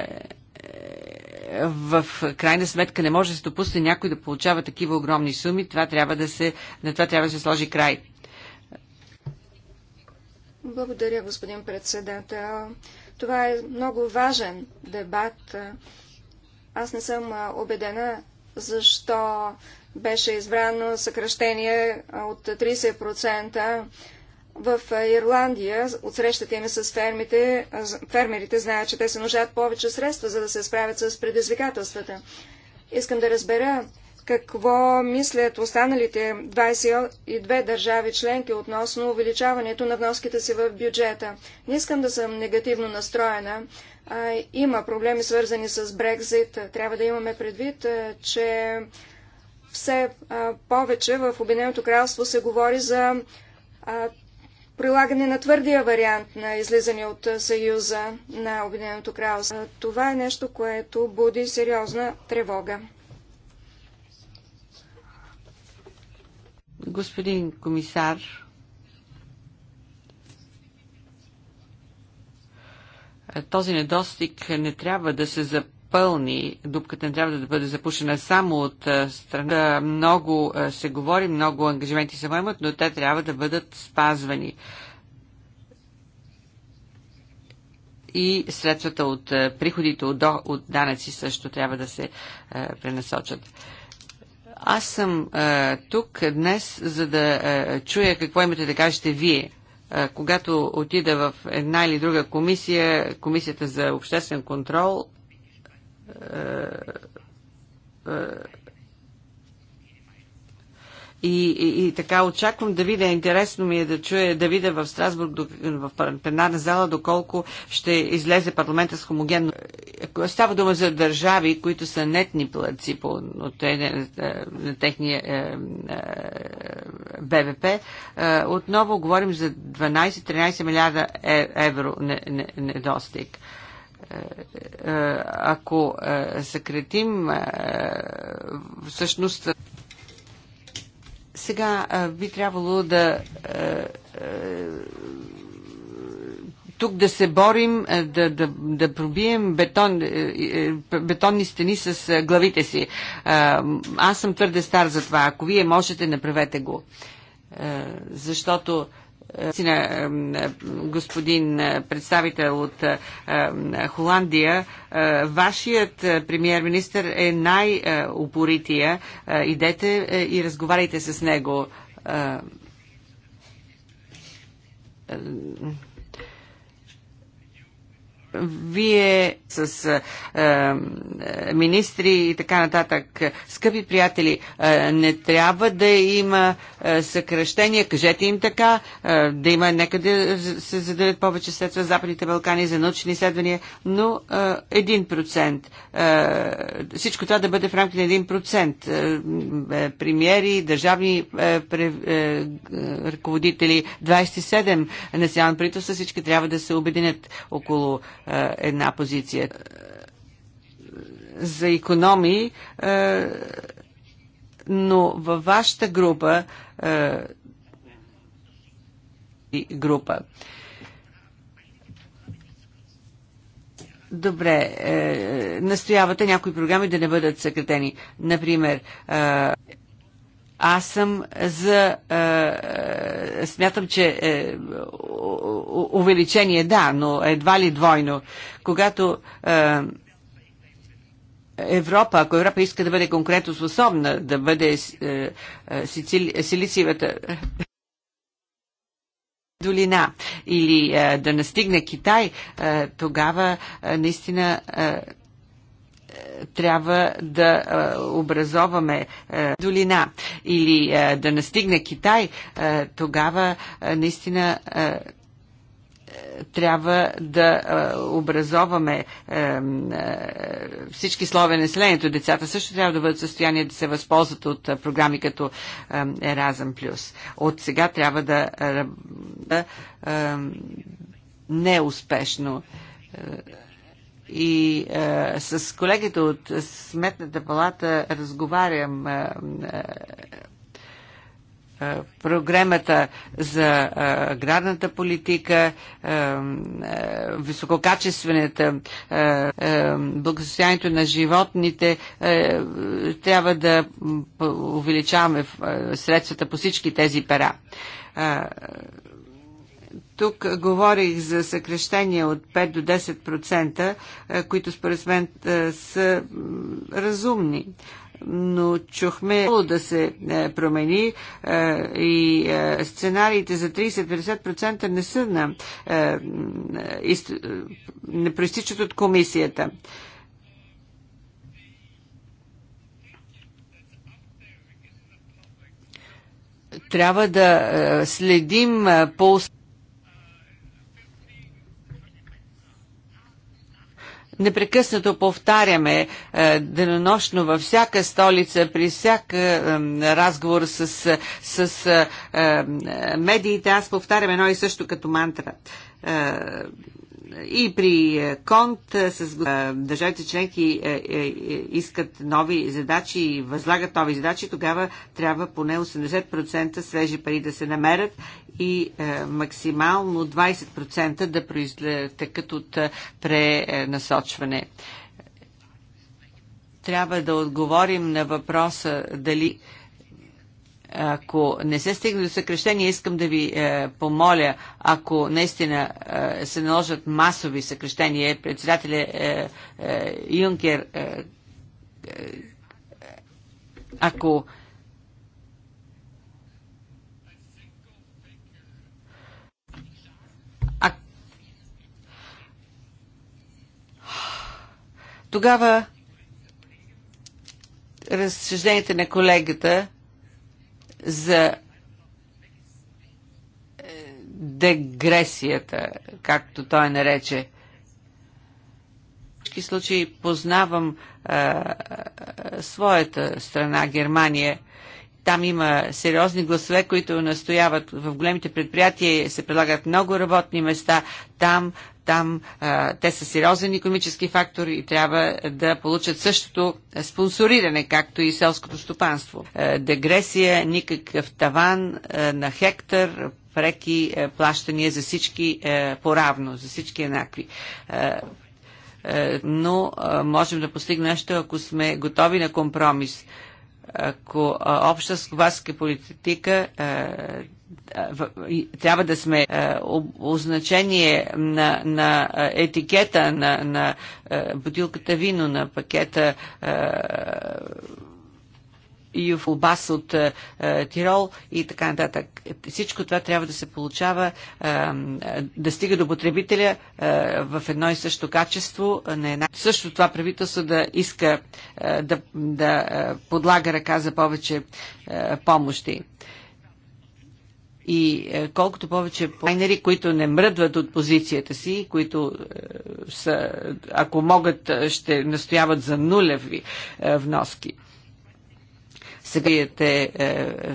в крайна сметка не може да се допусне някой да получава такива огромни суми. Това трябва да се, на това трябва да се сложи край. Благодаря, господин председател. Това е много важен дебат. Аз не съм убедена, защо беше избрано съкръщение от 30%. В Ирландия от срещата им е с фермите, фермерите знаят, че те се нуждаят повече средства, за да се справят с предизвикателствата. Искам да разбера какво мислят останалите 22 държави членки относно увеличаването на вноските си в бюджета. Не искам да съм негативно настроена, има проблеми свързани с Брекзит. Трябва да имаме предвид, че все повече в Обединеното кралство се говори за прилагане на твърдия вариант на излизане от Съюза на Обединеното кралство. Това е нещо, което буди сериозна тревога. Господин комисар, този недостиг не трябва да се запълни, пълни, дупката не трябва да бъде запушена само от страна. Много се говори, много ангажименти се поемат, но те трябва да бъдат спазвани. И средствата от приходите от, от данъци също трябва да се пренасочат. Аз съм тук днес, за да чуя какво имате да кажете вие когато отида в една или друга комисия, комисията за обществен контрол, и, и, и така очаквам да видя, интересно ми е да чуя, да видя в Страсбург, в пленарна зала, доколко ще излезе парламента с хомогенно. Става дума за държави, които са нетни плъци по, от, на, е, на техния е, е, БВП. Е, отново говорим за 12-13 милиарда е, евро недостиг. Не, не е, ако съкретим всъщност сега би трябвало да тук да се борим, да, да, да пробием бетон, е, е, бетонни стени с главите си. Аз съм твърде стар за това. Ако вие можете, направете го. Защото Сина, господин представител от Холандия, вашият е, премьер-министр е най-упорития. Е, идете е, и разговаряйте с него вие с е, министри и така нататък, скъпи приятели, е, не трябва да има е, съкръщения, кажете им така, е, да има нека да се заделят повече средства за Западните Балкани за научни изследвания, но е, 1%. Е, всичко това да бъде в рамките на 1%. Е, е, премиери, държавни е, пре, е, ръководители, 27 национални правителства, всички трябва да се обединят около е, една позиция. За економии, е, но във вашата група е, група. Добре, е, настоявате някои програми да не бъдат съкратени. Например, е, аз съм за... Е, е смятам, че е, увеличение, да, но едва ли двойно. Когато е, Европа, ако Европа иска да бъде конкурентоспособна, да бъде е, е, сицили, силициевата долина или е, да настигне Китай, е, тогава е, наистина е, трябва да образоваме долина или да настигне Китай, тогава наистина трябва да образоваме всички слове населението. Децата също трябва да бъдат в състояние да се възползват от програми като Еразъм Плюс. От сега трябва да, да неуспешно и е, с колегите от Сметната палата разговарям е, е, е програмата за е, аграрната политика, е, висококачествената, благосостоянието на животните. Трябва да увеличаваме средствата по всички тези пера тук говорих за съкрещения от 5 до 10%, които според мен са разумни но чухме да се промени и сценариите за 30-50% не са на, не проистичат от комисията. Трябва да следим пулс Непрекъснато повтаряме е, денонощно във всяка столица, при всяка е, разговор с, е, с медиите. Аз повтарям едно и също като мантра и при е, конт е, с е, държавите членки искат нови задачи и възлагат нови задачи, тогава трябва поне 80% свежи пари да се намерят и максимално 20% да произтекат от пренасочване. Трябва да отговорим на въпроса дали ако не се стигне до съкрещения, искам да ви е, помоля, ако наистина е, се наложат масови съкрещения, председателя е, е, Юнкер, е, е, ако а... Тогава разсъжденията на колегата за е, дегресията, както той нарече. В всички случаи познавам а, е, а, е, своята страна, Германия. Там има сериозни гласове, които настояват в големите предприятия, се предлагат много работни места. Там там а, те са сериозен економически фактор и трябва да получат същото спонсориране, както и селското стопанство. Дегресия, никакъв таван а, на хектар, преки а, плащания за всички а, поравно, за всички еднакви. А, но можем да постигнем нещо, ако сме готови на компромис. Ако обща сковарска политика трябва да сме е, означение на, на е, етикета на, на е, бутилката вино, на пакета Юф Обас от Тирол и така нататък. Всичко това трябва да се получава, да стига до потребителя в едно и също качество. На една... Също това правителство да иска да, да подлага ръка за повече помощи. И е, колкото повече планери, които не мръдват от позицията си, които е, са, ако могат, е, ще настояват за нулеви вноски сега е,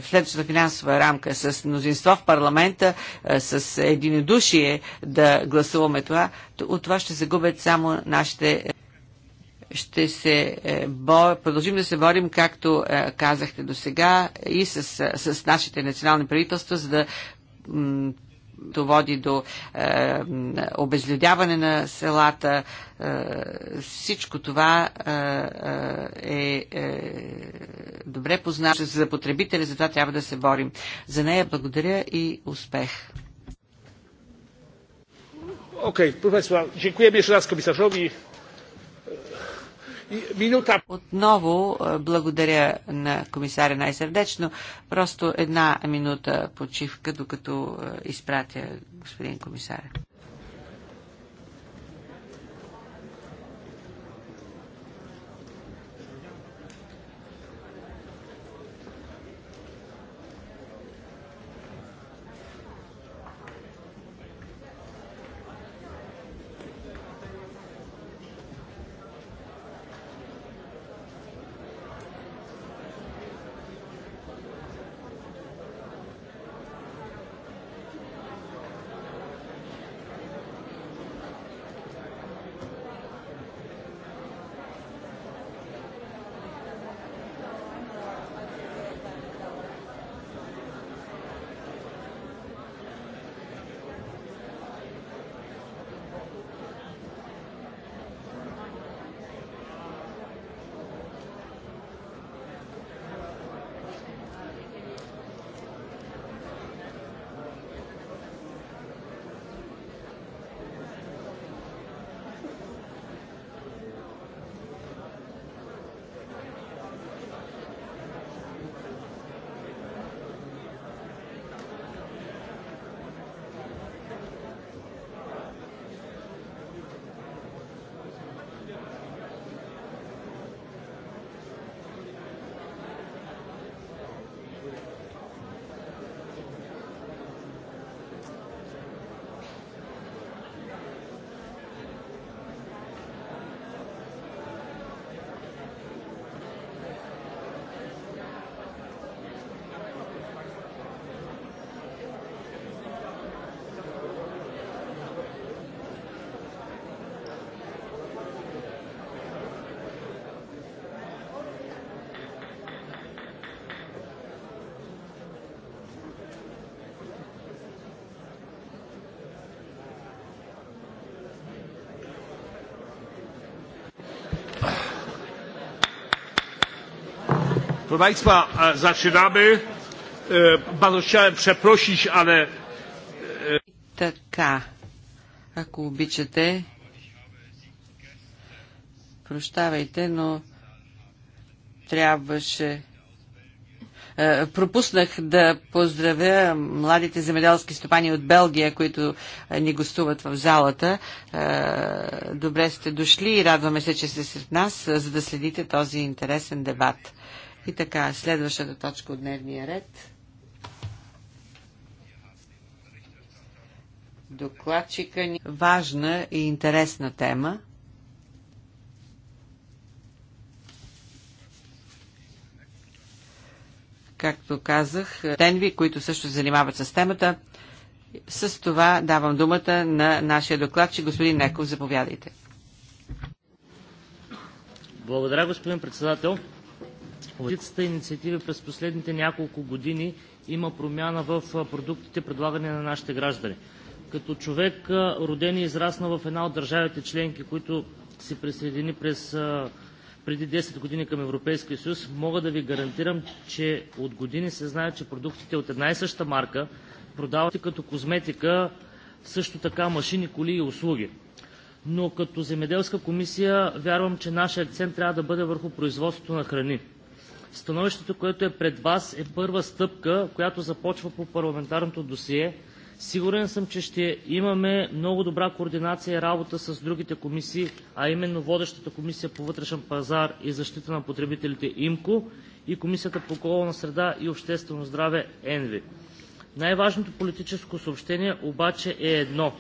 в следващата финансова рамка с мнозинство в парламента, с единодушие да гласуваме това, от това ще загубят само нашите ще се е, бо, продължим да се борим, както е, казахте до сега, и с, е, с нашите национални правителства, за да то води до е, обезлюдяване на селата. Е, всичко това е, е добре познато за потребители, затова трябва да се борим. За нея благодаря и успех. Окей, професор, proszę еще раз jeszcze отново е, благодаря на комисаря най-сърдечно. Просто една минута почивка, докато е, изпратя господин комисаря. Proszę Państwa, e, zaczynamy. E, bardzo chciałem przeprosić, ale... E, така, ако обичате, прощавайте, но трябваше... Е, пропуснах да поздравя младите земеделски стопани от Белгия, които е, ни гостуват в залата. Е, добре сте дошли и радваме се, че сте сред нас, за да следите този интересен дебат. И така, следващата точка от дневния ред. Докладчика ни. Важна и интересна тема. Както казах, тенви, които също се занимават с темата. С това давам думата на нашия докладчик, господин Неков. Заповядайте. Благодаря, господин председател редицата инициативи през последните няколко години има промяна в продуктите, предлагани на нашите граждани. Като човек, роден и израснал в една от държавите членки, които се присъедини преди 10 години към Европейския съюз, мога да Ви гарантирам, че от години се знае, че продуктите от една и съща марка, продават като козметика, също така машини, коли и услуги. Но като земеделска комисия вярвам, че нашият акцент трябва да бъде върху производството на храни. Становището, което е пред Вас, е първа стъпка, която започва по парламентарното досие. Сигурен съм, че ще имаме много добра координация и работа с другите комисии, а именно водещата Комисия по вътрешен пазар и защита на потребителите ИМКО и Комисията по околна среда и обществено здраве ЕНВИ. Най-важното политическо съобщение обаче е едно.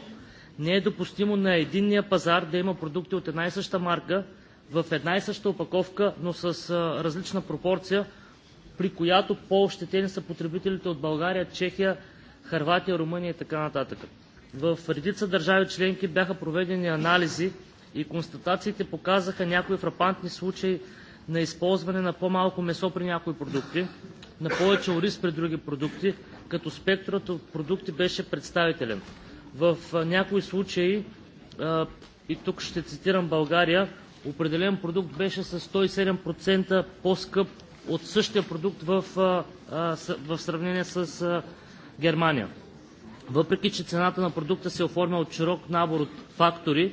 Не е допустимо на единния пазар да има продукти от една и съща марка, в една и съща опаковка, но с различна пропорция, при която по-ощетени са потребителите от България, Чехия, Харватия, Румъния и така нататък. В редица държави членки бяха проведени анализи и констатациите показаха някои фрапантни случаи на използване на по-малко месо при някои продукти, на повече ориз при други продукти, като спектърът от продукти беше представителен. В някои случаи, и тук ще цитирам България, определен продукт беше с 107% по-скъп от същия продукт в, в сравнение с Германия. Въпреки че цената на продукта се е оформя от широк набор от фактори,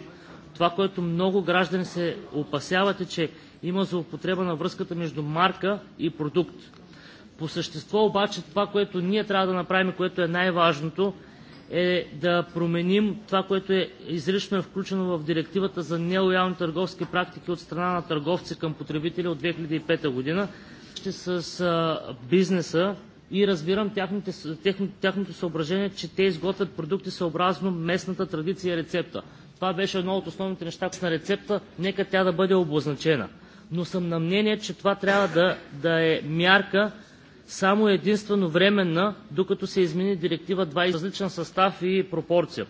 това, което много граждани се опасяват, е, че има злоупотреба на връзката между марка и продукт. По същество обаче това, което ние трябва да направим, което е най-важното, е да променим това, което е изрично е включено в Директивата за нелоялни търговски практики от страна на търговци към потребители от 2005 г. с бизнеса и разбирам тяхните, тяхното съображение, че те изготвят продукти съобразно местната традиция и рецепта. Това беше едно от основните неща на рецепта. Нека тя да бъде обозначена. Но съм на мнение, че това трябва да, да е мярка, само и единствено временна, докато се измени Директива 20 различен състав и пропорция.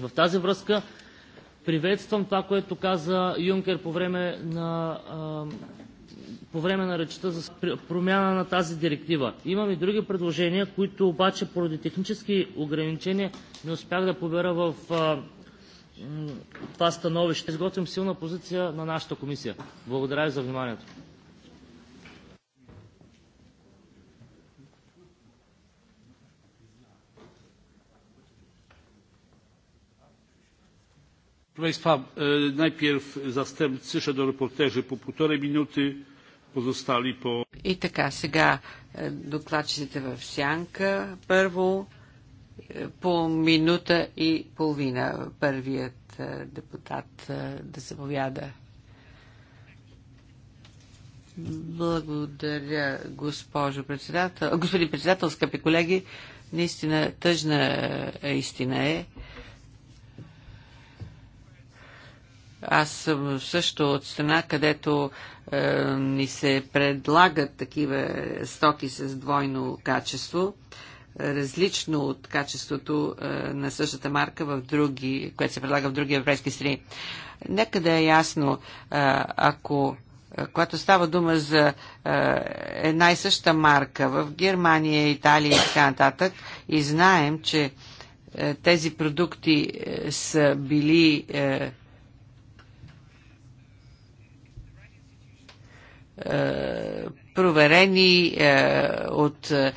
В тази връзка приветствам това, което каза Юнкер по време на, по време на речта за промяна на тази директива. Имам и други предложения, които обаче поради технически ограничения не успях да побера в това становище. Изготвим силна позиция на нашата комисия. Благодаря ви за вниманието. Proszę Państwa, e, najpierw zastępcy, szedł po półtorej minuty, позостали по... И така, сега докладчиците в сянка. Първо по минута и половина първият депутат да се повяда. Благодаря, госпожо председател. Господин председател, скъпи колеги, наистина тъжна е, истина е, Аз съм също от страна, където е, ни се предлагат такива стоки с двойно качество, различно от качеството е, на същата марка в други, което се предлага в други европейски страни. Нека да е ясно, е, ако е, когато става дума за е, една и съща марка в Германия, Италия и така нататък, и знаем, че е, тези продукти е, са били е, Е, проверени е, от е,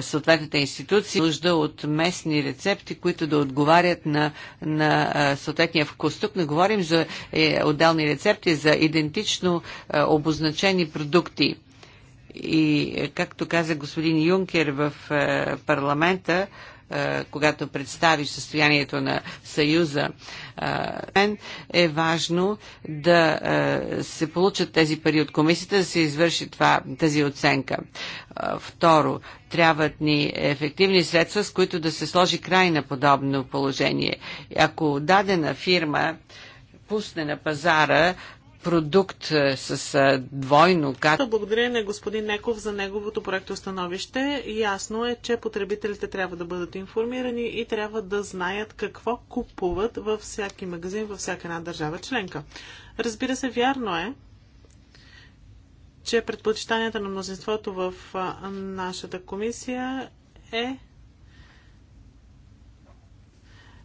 съответната институция, нужда от местни рецепти, които да отговарят на, на съответния вкус. Тук не говорим за отделни рецепти, за идентично обозначени продукти. И както каза господин Юнкер в парламента, е, когато представиш състоянието на Съюза, е, е важно да е, се получат тези пари от комисията, да се извърши това, тази оценка. Второ, трябват ни ефективни средства, с които да се сложи край на подобно положение. Ако дадена фирма пусне на пазара продукт е, с е, двойно качество. Благодаря на господин Неков за неговото проекто становище. Ясно е, че потребителите трябва да бъдат информирани и трябва да знаят какво купуват във всяки магазин, във всяка една държава членка. Разбира се, вярно е, че предпочитанията на мнозинството в нашата комисия е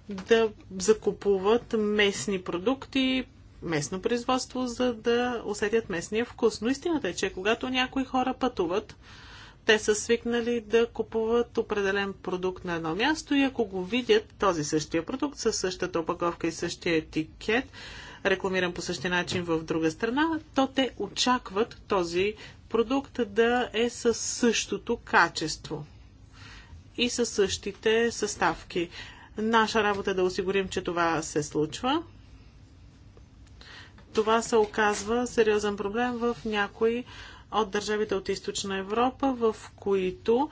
да закупуват местни продукти, местно производство, за да усетят местния вкус. Но истината е, че когато някои хора пътуват, те са свикнали да купуват определен продукт на едно място и ако го видят този същия продукт със същата опаковка и същия етикет, рекламиран по същия начин в друга страна, то те очакват този продукт да е със същото качество и със същите съставки. Наша работа е да осигурим, че това се случва това се оказва сериозен проблем в някои от държавите от източна Европа, в които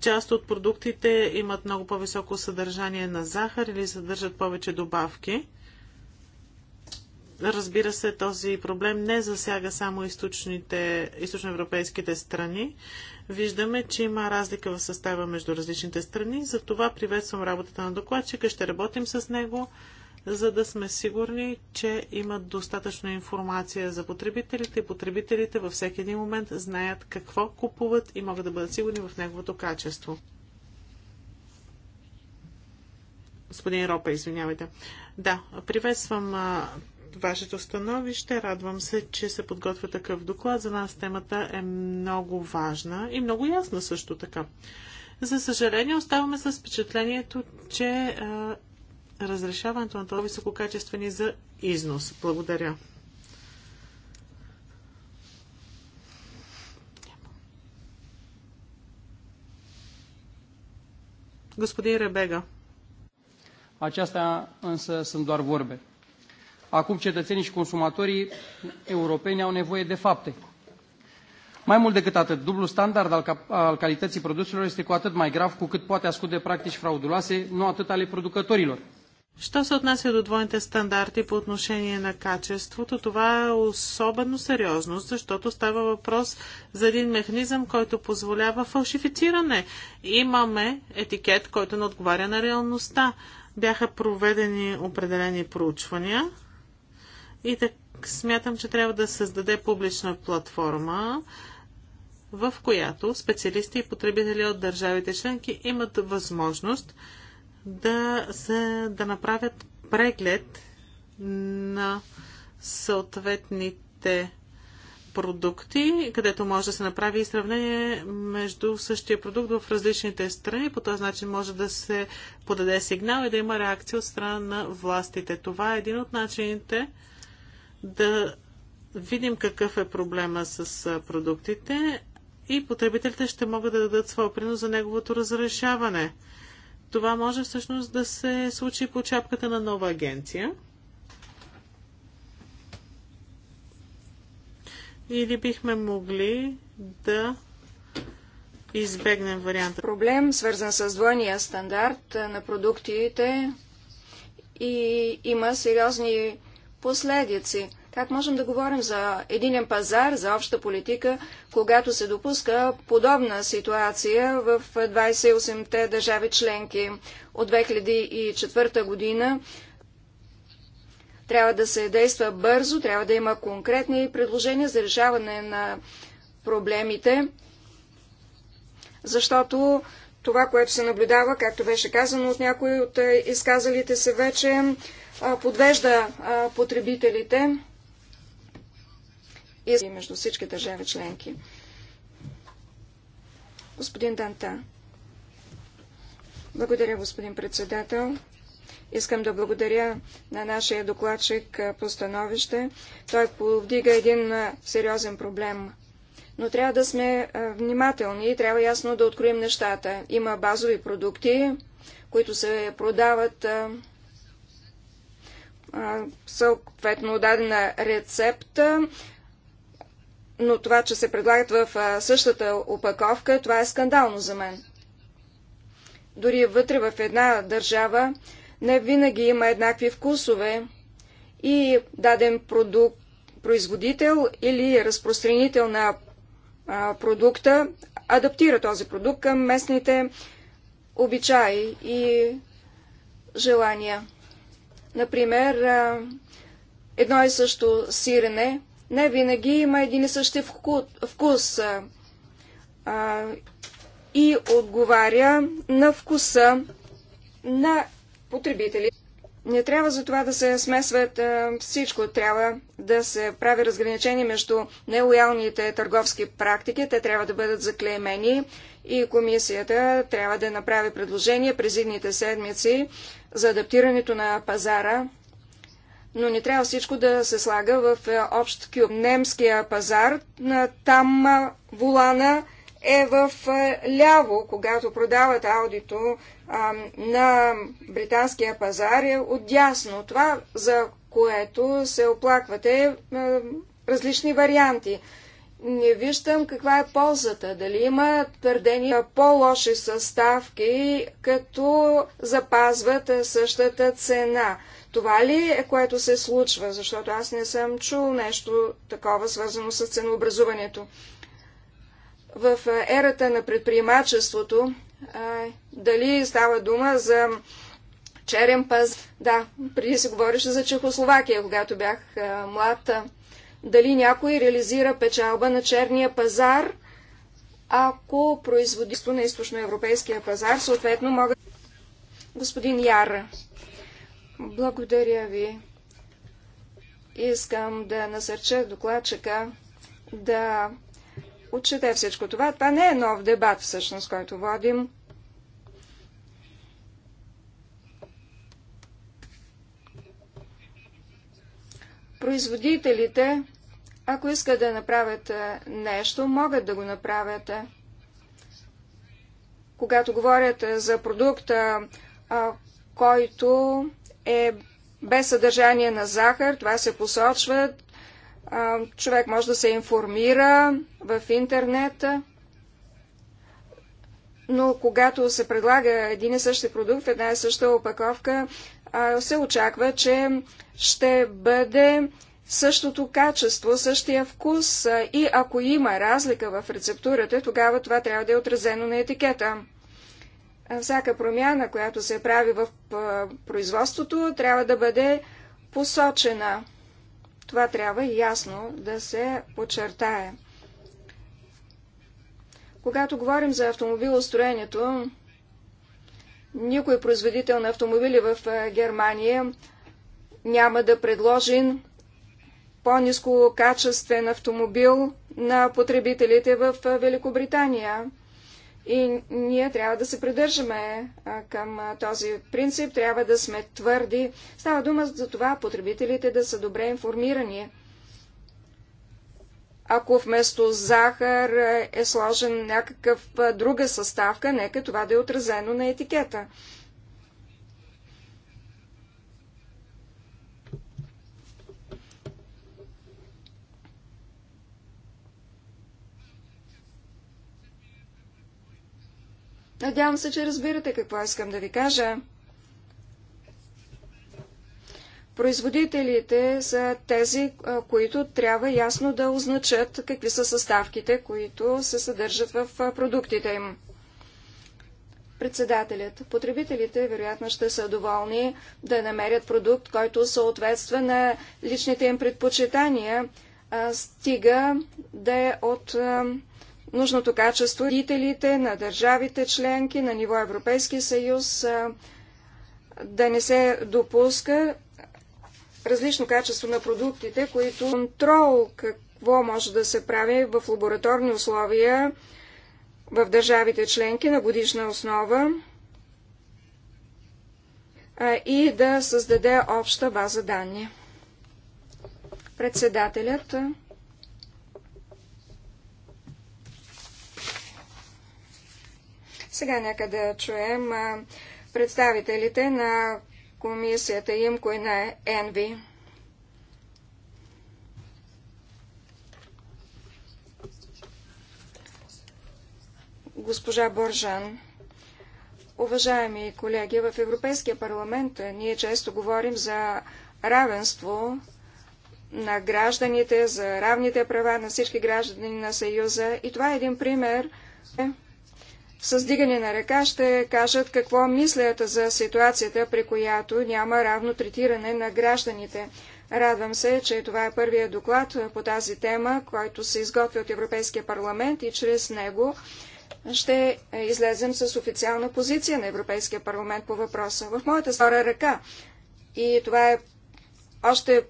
част от продуктите имат много по-високо съдържание на захар или съдържат повече добавки. Разбира се, този проблем не засяга само източните, източноевропейските страни. Виждаме, че има разлика в състава между различните страни, затова приветствам работата на докладчика, ще работим с него за да сме сигурни, че имат достатъчно информация за потребителите и потребителите във всеки един момент знаят какво купуват и могат да бъдат сигурни в неговото качество. Господин Ропа, извинявайте. Да, приветствам а, вашето становище. Радвам се, че се подготвя такъв доклад. За нас темата е много важна и много ясна също така. За съжаление, оставаме с впечатлението, че а, разрешаването на това висококачествени за износ. Благодаря. Господин Ребега. Aceasta însă sunt doar vorbe. Acum cetățenii și consumatorii europeni au nevoie de fapte. Mai mult decât atât, dublul standard al, cap- al calității produselor este cu atât mai grav cu cât poate ascunde practici frauduloase, nu atât ale producătorilor. Що се отнася до двойните стандарти по отношение на качеството, това е особено сериозно, защото става въпрос за един механизъм, който позволява фалшифициране. Имаме етикет, който не отговаря на реалността. Бяха проведени определени проучвания и так, смятам, че трябва да създаде публична платформа, в която специалисти и потребители от държавите членки имат възможност да, се, да направят преглед на съответните продукти, където може да се направи и сравнение между същия продукт в различните страни. По този начин може да се подаде сигнал и да има реакция от страна на властите. Това е един от начините да видим какъв е проблема с продуктите и потребителите ще могат да дадат своя принос за неговото разрешаване това може всъщност да се случи по чапката на нова агенция. Или бихме могли да избегнем варианта. Проблем, свързан с двойния стандарт на продуктите и има сериозни последици. Как можем да говорим за единен пазар, за обща политика, когато се допуска подобна ситуация в 28-те държави членки от 2004 година? Трябва да се действа бързо, трябва да има конкретни предложения за решаване на проблемите, защото това, което се наблюдава, както беше казано от някои от изказалите се вече, подвежда потребителите и между всички държави членки. Господин Данта. Благодаря, господин председател. Искам да благодаря на нашия докладчик по становище. Той повдига един сериозен проблем. Но трябва да сме внимателни и трябва ясно да откроим нещата. Има базови продукти, които се продават съответно дадена рецепта но това, че се предлагат в същата опаковка, това е скандално за мен. Дори вътре в една държава не винаги има еднакви вкусове и даден продукт, производител или разпространител на продукта адаптира този продукт към местните обичаи и желания. Например, едно и също сирене не винаги има един и същи вкус а, и отговаря на вкуса на потребители. Не трябва за това да се смесват а, всичко. Трябва да се прави разграничение между нелоялните търговски практики. Те трябва да бъдат заклеймени и комисията трябва да направи предложение през идните седмици за адаптирането на пазара но не трябва всичко да се слага в е, общ кюб. Немския пазар, там вулана е в е, ляво, когато продават аудито на британския пазар е отдясно. Това, за което се оплаквате, е различни варианти. Не виждам каква е ползата. Дали има твърдения по-лоши съставки, като запазват е, същата цена. Това ли е което се случва? Защото аз не съм чул нещо такова, свързано с ценообразуването. В ерата на предприемачеството, дали става дума за черен паз? Да, преди се говореше за Чехословакия, когато бях млад. Дали някой реализира печалба на черния пазар, ако производителство на източноевропейския пазар, съответно могат... Господин Яра. Благодаря ви. Искам да насърча докладчика да отчете всичко това. Това не е нов дебат, всъщност, който водим. Производителите, ако искат да направят нещо, могат да го направят. Когато говорят за продукта, който е без съдържание на захар. Това се посочва. Човек може да се информира в интернет. Но когато се предлага един и същи продукт една и съща опаковка, се очаква, че ще бъде същото качество, същия вкус и ако има разлика в рецептурата, тогава това трябва да е отразено на етикета всяка промяна, която се прави в производството, трябва да бъде посочена. Това трябва ясно да се подчертае. Когато говорим за автомобилостроението, никой производител на автомобили в Германия няма да предложи по низко качествен автомобил на потребителите в Великобритания – и ние трябва да се придържаме към този принцип, трябва да сме твърди. Става дума за това потребителите да са добре информирани. Ако вместо захар е сложен някакъв друга съставка, нека това да е отразено на етикета. Надявам се, че разбирате какво искам да ви кажа. Производителите са тези, които трябва ясно да означат какви са съставките, които се съдържат в продуктите им. Председателят. Потребителите вероятно ще са доволни да намерят продукт, който съответства на личните им предпочитания, стига да е от нужното качество. Родителите на държавите членки на ниво Европейски съюз да не се допуска различно качество на продуктите, които контрол какво може да се прави в лабораторни условия в държавите членки на годишна основа и да създаде обща база данни. Председателят Сега нека да чуем представителите на комисията ИМКО и на ЕНВИ. Госпожа Боржан. Уважаеми колеги, в Европейския парламент ние често говорим за равенство на гражданите, за равните права на всички граждани на Съюза. И това е един пример, с дигане на ръка ще кажат какво мислят за ситуацията, при която няма равно третиране на гражданите. Радвам се, че това е първия доклад по тази тема, който се изготвя от Европейския парламент и чрез него ще излезем с официална позиция на Европейския парламент по въпроса. В моята стара ръка и това е още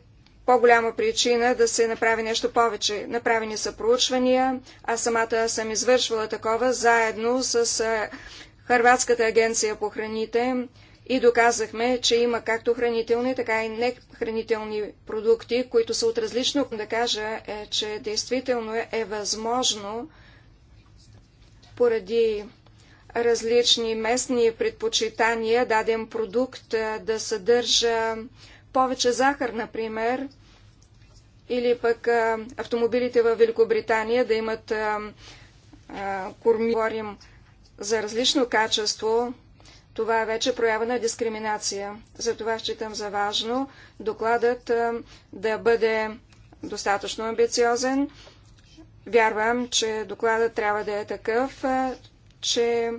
по-голяма причина да се направи нещо повече. Направени са проучвания, аз самата съм извършвала такова заедно с Харватската агенция по храните и доказахме, че има както хранителни, така и нехранителни продукти, които са от различно. Да кажа е, че действително е възможно поради различни местни предпочитания даден продукт е, да съдържа повече захар, например, или пък а, автомобилите в Великобритания да имат а, а, корми. Говорим за различно качество. Това е вече проява на дискриминация. Затова считам за важно докладът а, да бъде достатъчно амбициозен. Вярвам, че докладът трябва да е такъв, а, че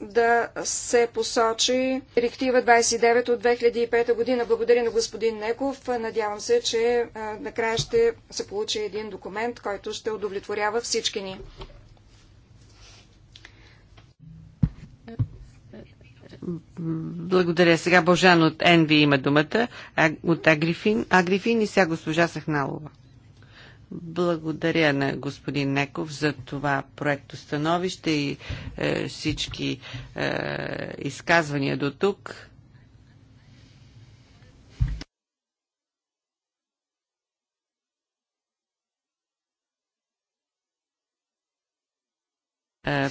да се посочи директива 29 от 2005 година. Благодаря на господин Неков. Надявам се, че накрая ще се получи един документ, който ще удовлетворява всички ни. Благодаря. Сега Божан от Енви има думата, от Агрифин, Агрифин и сега госпожа Сахналова. Благодаря на господин Неков за това проекто становище и е, всички е, изказвания до тук. Е,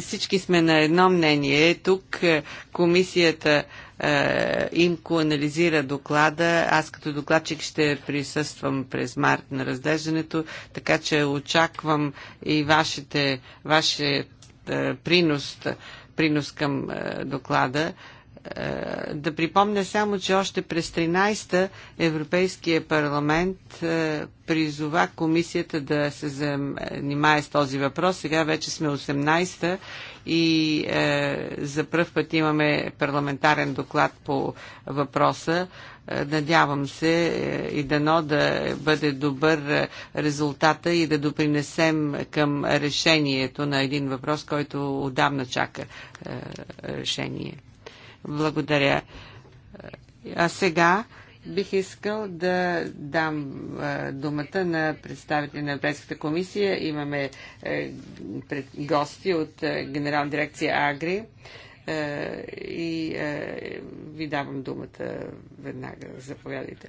всички сме на едно мнение. Тук е, комисията е, Имко анализира доклада. Аз като докладчик ще присъствам през март на разглеждането, така че очаквам и вашите, вашия е, принос, принос към е, доклада. Е, да припомня само, че още през 13-та Европейския парламент е, призова комисията да се занимае с този въпрос. Сега вече сме 18-та и е, за първ път имаме парламентарен доклад по въпроса. Надявам се и дано да бъде добър резултата и да допринесем към решението на един въпрос, който отдавна чака решение. Благодаря. А сега бих искал да дам думата на представители на Европейската комисия. Имаме е, гости от е, Генерална дирекция Агри е, и ви давам думата веднага. Заповядайте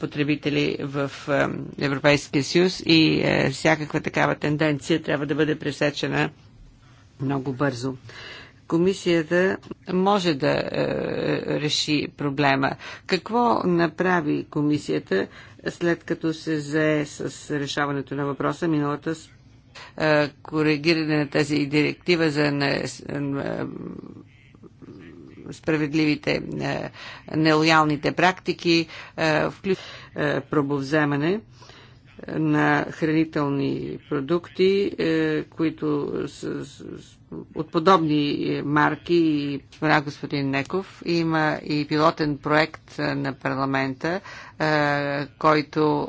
потребители в Европейския съюз и всякаква такава тенденция трябва да бъде пресечена много бързо комисията може да е, реши проблема. Какво направи комисията след като се зае с решаването на въпроса миналата е, коригиране на тази директива за не, е, е, справедливите е, нелоялните практики, е, е пробовземане? на хранителни продукти, е, които с, с, от подобни е, марки и на господин Неков има и пилотен проект е, на парламента, който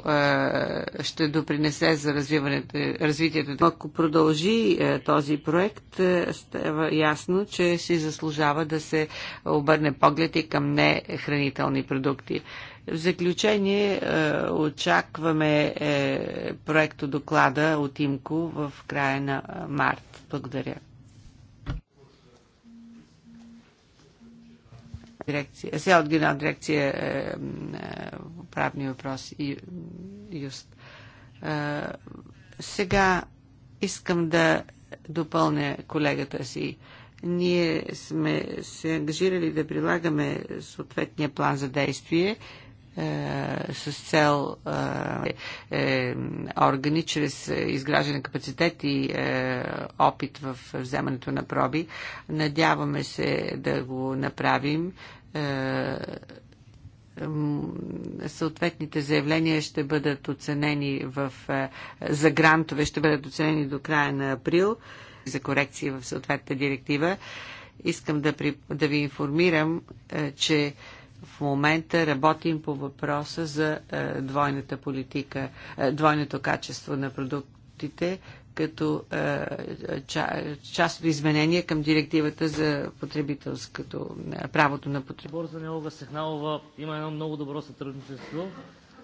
ще допринесе за развиването, развитието. Ако продължи този проект, става ясно, че си заслужава да се обърне поглед и към нехранителни продукти. В заключение е, очакваме е, проекто доклада от Имко в края на е, март. Благодаря. Дирекция, сега от Генерал дирекция правни въпроси и юст. Сега искам да допълня колегата си ние сме се ангажирали да прилагаме съответния план за действие е, с цел е, е, органи, чрез изграждане капацитет и опит в вземането на проби. Надяваме се да го направим съответните заявления ще бъдат оценени в, за грантове, ще бъдат оценени до края на април за корекции в съответната директива. Искам да, при, да ви информирам, че в момента работим по въпроса за е, двойната политика, е, двойното качество на продуктите, като е, част от изменения към директивата за потребителското правото на потребител. Борза Нелова Сехналова има едно много добро сътрудничество,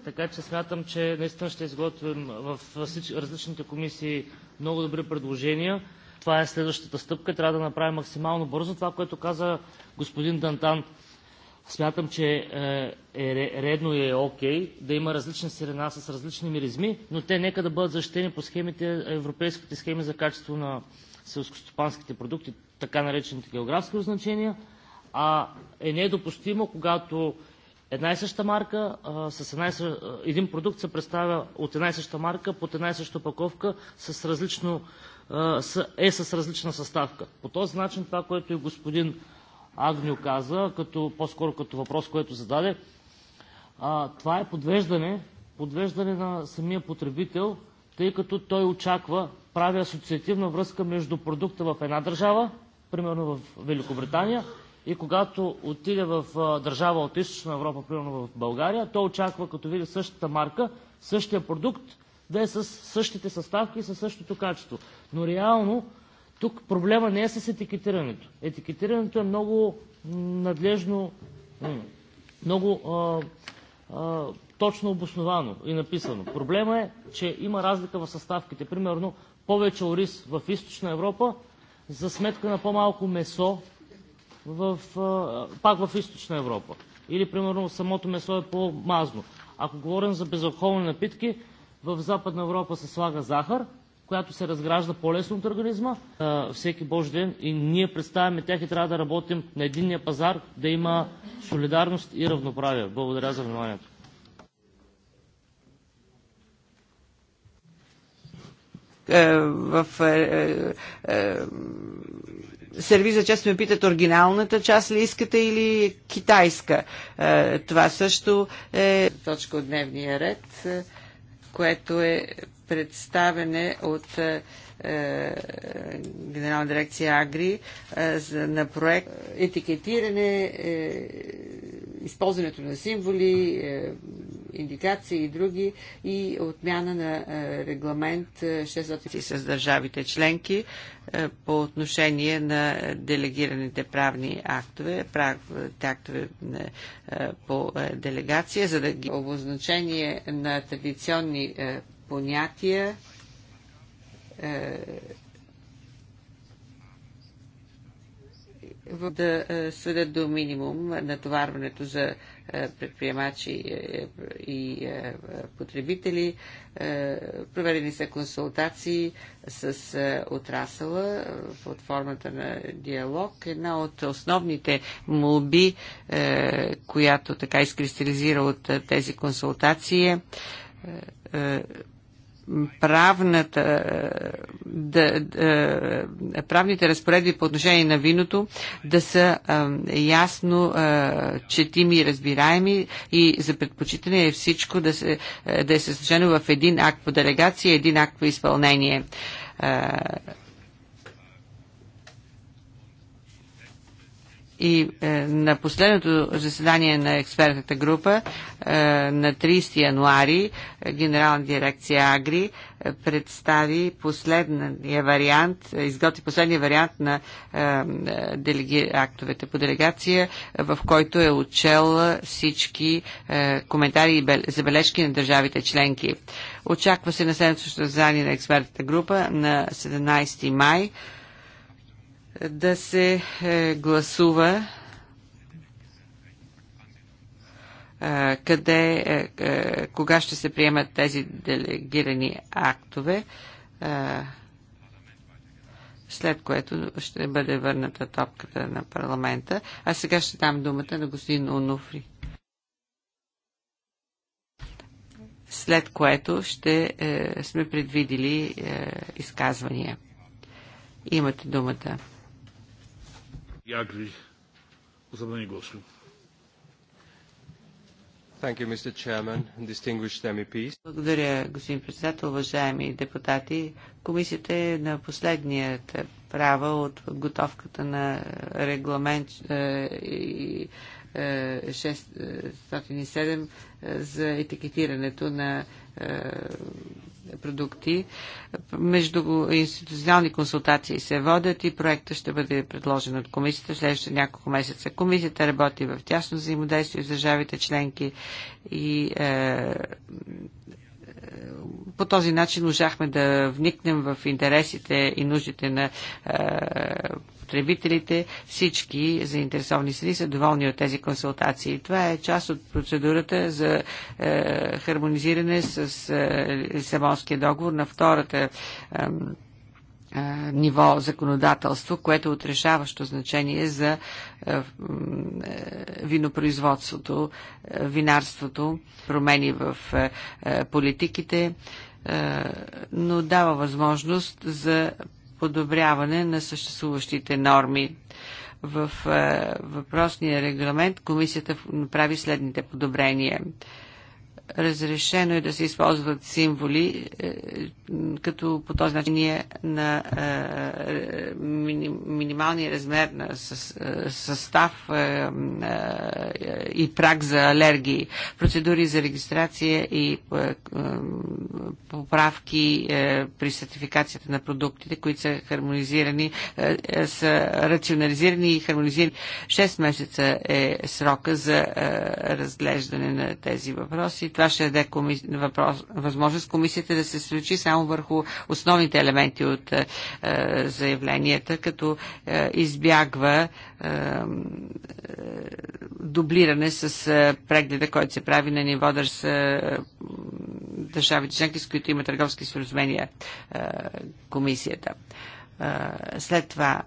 така че смятам, че наистина ще изготвим в различните комисии много добри предложения. Това е следващата стъпка. Трябва да направим максимално бързо това, което каза господин Дантан – смятам, че е, е редно и е окей да има различни сирена с различни миризми, но те нека да бъдат защитени по схемите, европейските схеми за качество на селскостопанските продукти, така наречените географски означения, а е недопустимо, когато една и съща марка а, с една и съща, един продукт се представя от една и съща марка под една и съща паковка с различно, а, с, е с различна съставка. По този начин това, което и господин Агню каза, като, по-скоро като въпрос, който зададе. А, това е подвеждане, подвеждане на самия потребител, тъй като той очаква, прави асоциативна връзка между продукта в една държава, примерно в Великобритания, и когато отиде в държава от източна Европа, примерно в България, той очаква, като види същата марка, същия продукт, да е с същите съставки и със същото качество. Но реално тук проблема не е с етикетирането. Етикетирането е много надлежно, много а, а, точно обосновано и написано. Проблема е, че има разлика в съставките. Примерно, повече ориз в източна Европа за сметка на по-малко месо в, а, пак в източна Европа. Или, примерно, самото месо е по-мазно. Ако говорим за безалкохолни напитки, в Западна Европа се слага захар, която се разгражда по-лесно от организма а, всеки божи ден и ние представяме тях и трябва да работим на единния пазар, да има солидарност и равноправие. Благодаря за вниманието. Е, в е, е, е, сервиза често ме питат оригиналната част ли искате или китайска. Е, това също е точка от дневния ред което е представене от е, е, Генерална дирекция Агри е, на проект е, етикетиране, използването на символи, индикации и други и отмяна на регламент 600 с държавите членки по отношение на делегираните правни актове, правните актове по делегация, за да ги обозначение на традиционни понятия е, да е, сведат до минимум натоварването за е, предприемачи и потребители. проведени са консултации с отрасъла под формата на диалог. Една от основните молби, която така изкристализира от тези консултации е правната, да, да, правните разпоредби по отношение на виното да са а, ясно а, четими и разбираеми и за предпочитане е всичко да, се, да е съсъжено в един акт по делегация един акт по изпълнение. А, И е, на последното заседание на експертната група е, на 30 януари е, Генерална дирекция Агри е, представи последния вариант, е, изготви последния вариант на е, делеги, актовете по делегация, в който е отчел всички е, коментари и бел, забележки на държавите членки. Очаква се на следващото заседание на експертната група на 17 май. Е, да се е, гласува е, къде, е, кога ще се приемат тези делегирани актове, след което ще бъде върната топката на парламента. А сега ще дам думата на господин Онуфри. След което ще сме предвидили изказвания. Имате думата. Jagri o zabranie głosu. Thank you, Mr. Chairman, distinguished MEPs. Благодаря, господин председател, уважаеми депутати. Комисията е на последният права от подготовката на регламент е, и 607 е, за етикетирането на е, продукти. Между институционални консултации се водят и проекта ще бъде предложен от комисията в следващите няколко месеца. Комисията работи в тясно взаимодействие с държавите членки и е, по този начин можахме да вникнем в интересите и нуждите на е, потребителите. Всички заинтересовани страни са доволни от тези консултации. Това е част от процедурата за е, хармонизиране с е, Лисабонския договор на втората ниво законодателство, което е отрешаващо значение за е, винопроизводството, е, винарството, промени в е, политиките, но дава възможност за подобряване на съществуващите норми. В въпросния регламент комисията направи следните подобрения – разрешено е да се използват символи, е, като по този начин ние на е, е, минималния размер на състав и праг за алергии, процедури за регистрация и поправки при сертификацията на продуктите, които са хармонизирани, са рационализирани и хармонизирани. 6 месеца е срока за разглеждане на тези въпроси. Това ще даде коми... въпрос... възможност комисията да се случи само върху основните елементи от е, е заявленията, като е, избягва е, е, дублиране с е, прегледа, който се прави на ниво да с е, държавите членки, с които има търговски споразумения е, комисията. Е, след това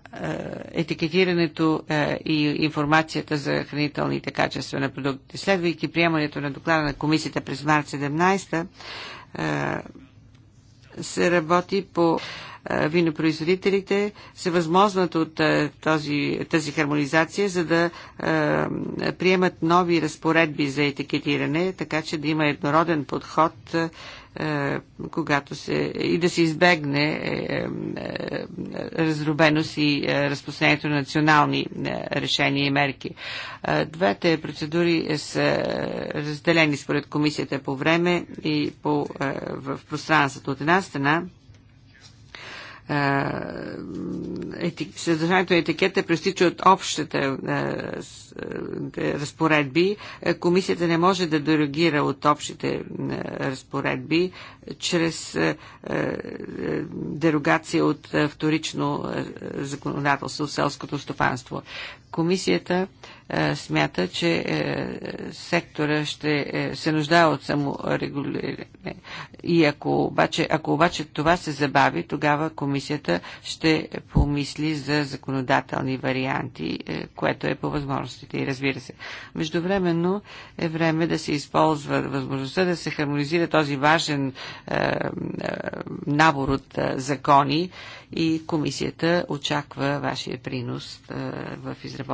етикетирането и информацията за хранителните качества на продуктите. Следвайки приемането на доклада на комисията през март 17 се работи по винопроизводителите се възможнат от този, тази хармонизация, за да е, приемат нови разпоредби за етикетиране, така че да има еднороден подход е, е, когато се, и да се избегне е, е, разрубеност и разпространението на национални решения и мерки. Двете процедури са разделени според комисията по време и по, в пространството от една страна е, ети, съдържанието на етикета престича от общите е, разпоредби. Е, комисията не може да дорогира от общите разпоредби чрез дерогация от вторично законодателство в селското стопанство. Комисията е, смята, че е, сектора ще е, се нуждае от саморегулиране. И ако обаче, ако обаче това се забави, тогава комисията ще помисли за законодателни варианти, което е по възможностите и разбира се. Междувременно е време да се използва възможността да се хармонизира този важен набор от закони и комисията очаква вашия принос в изработването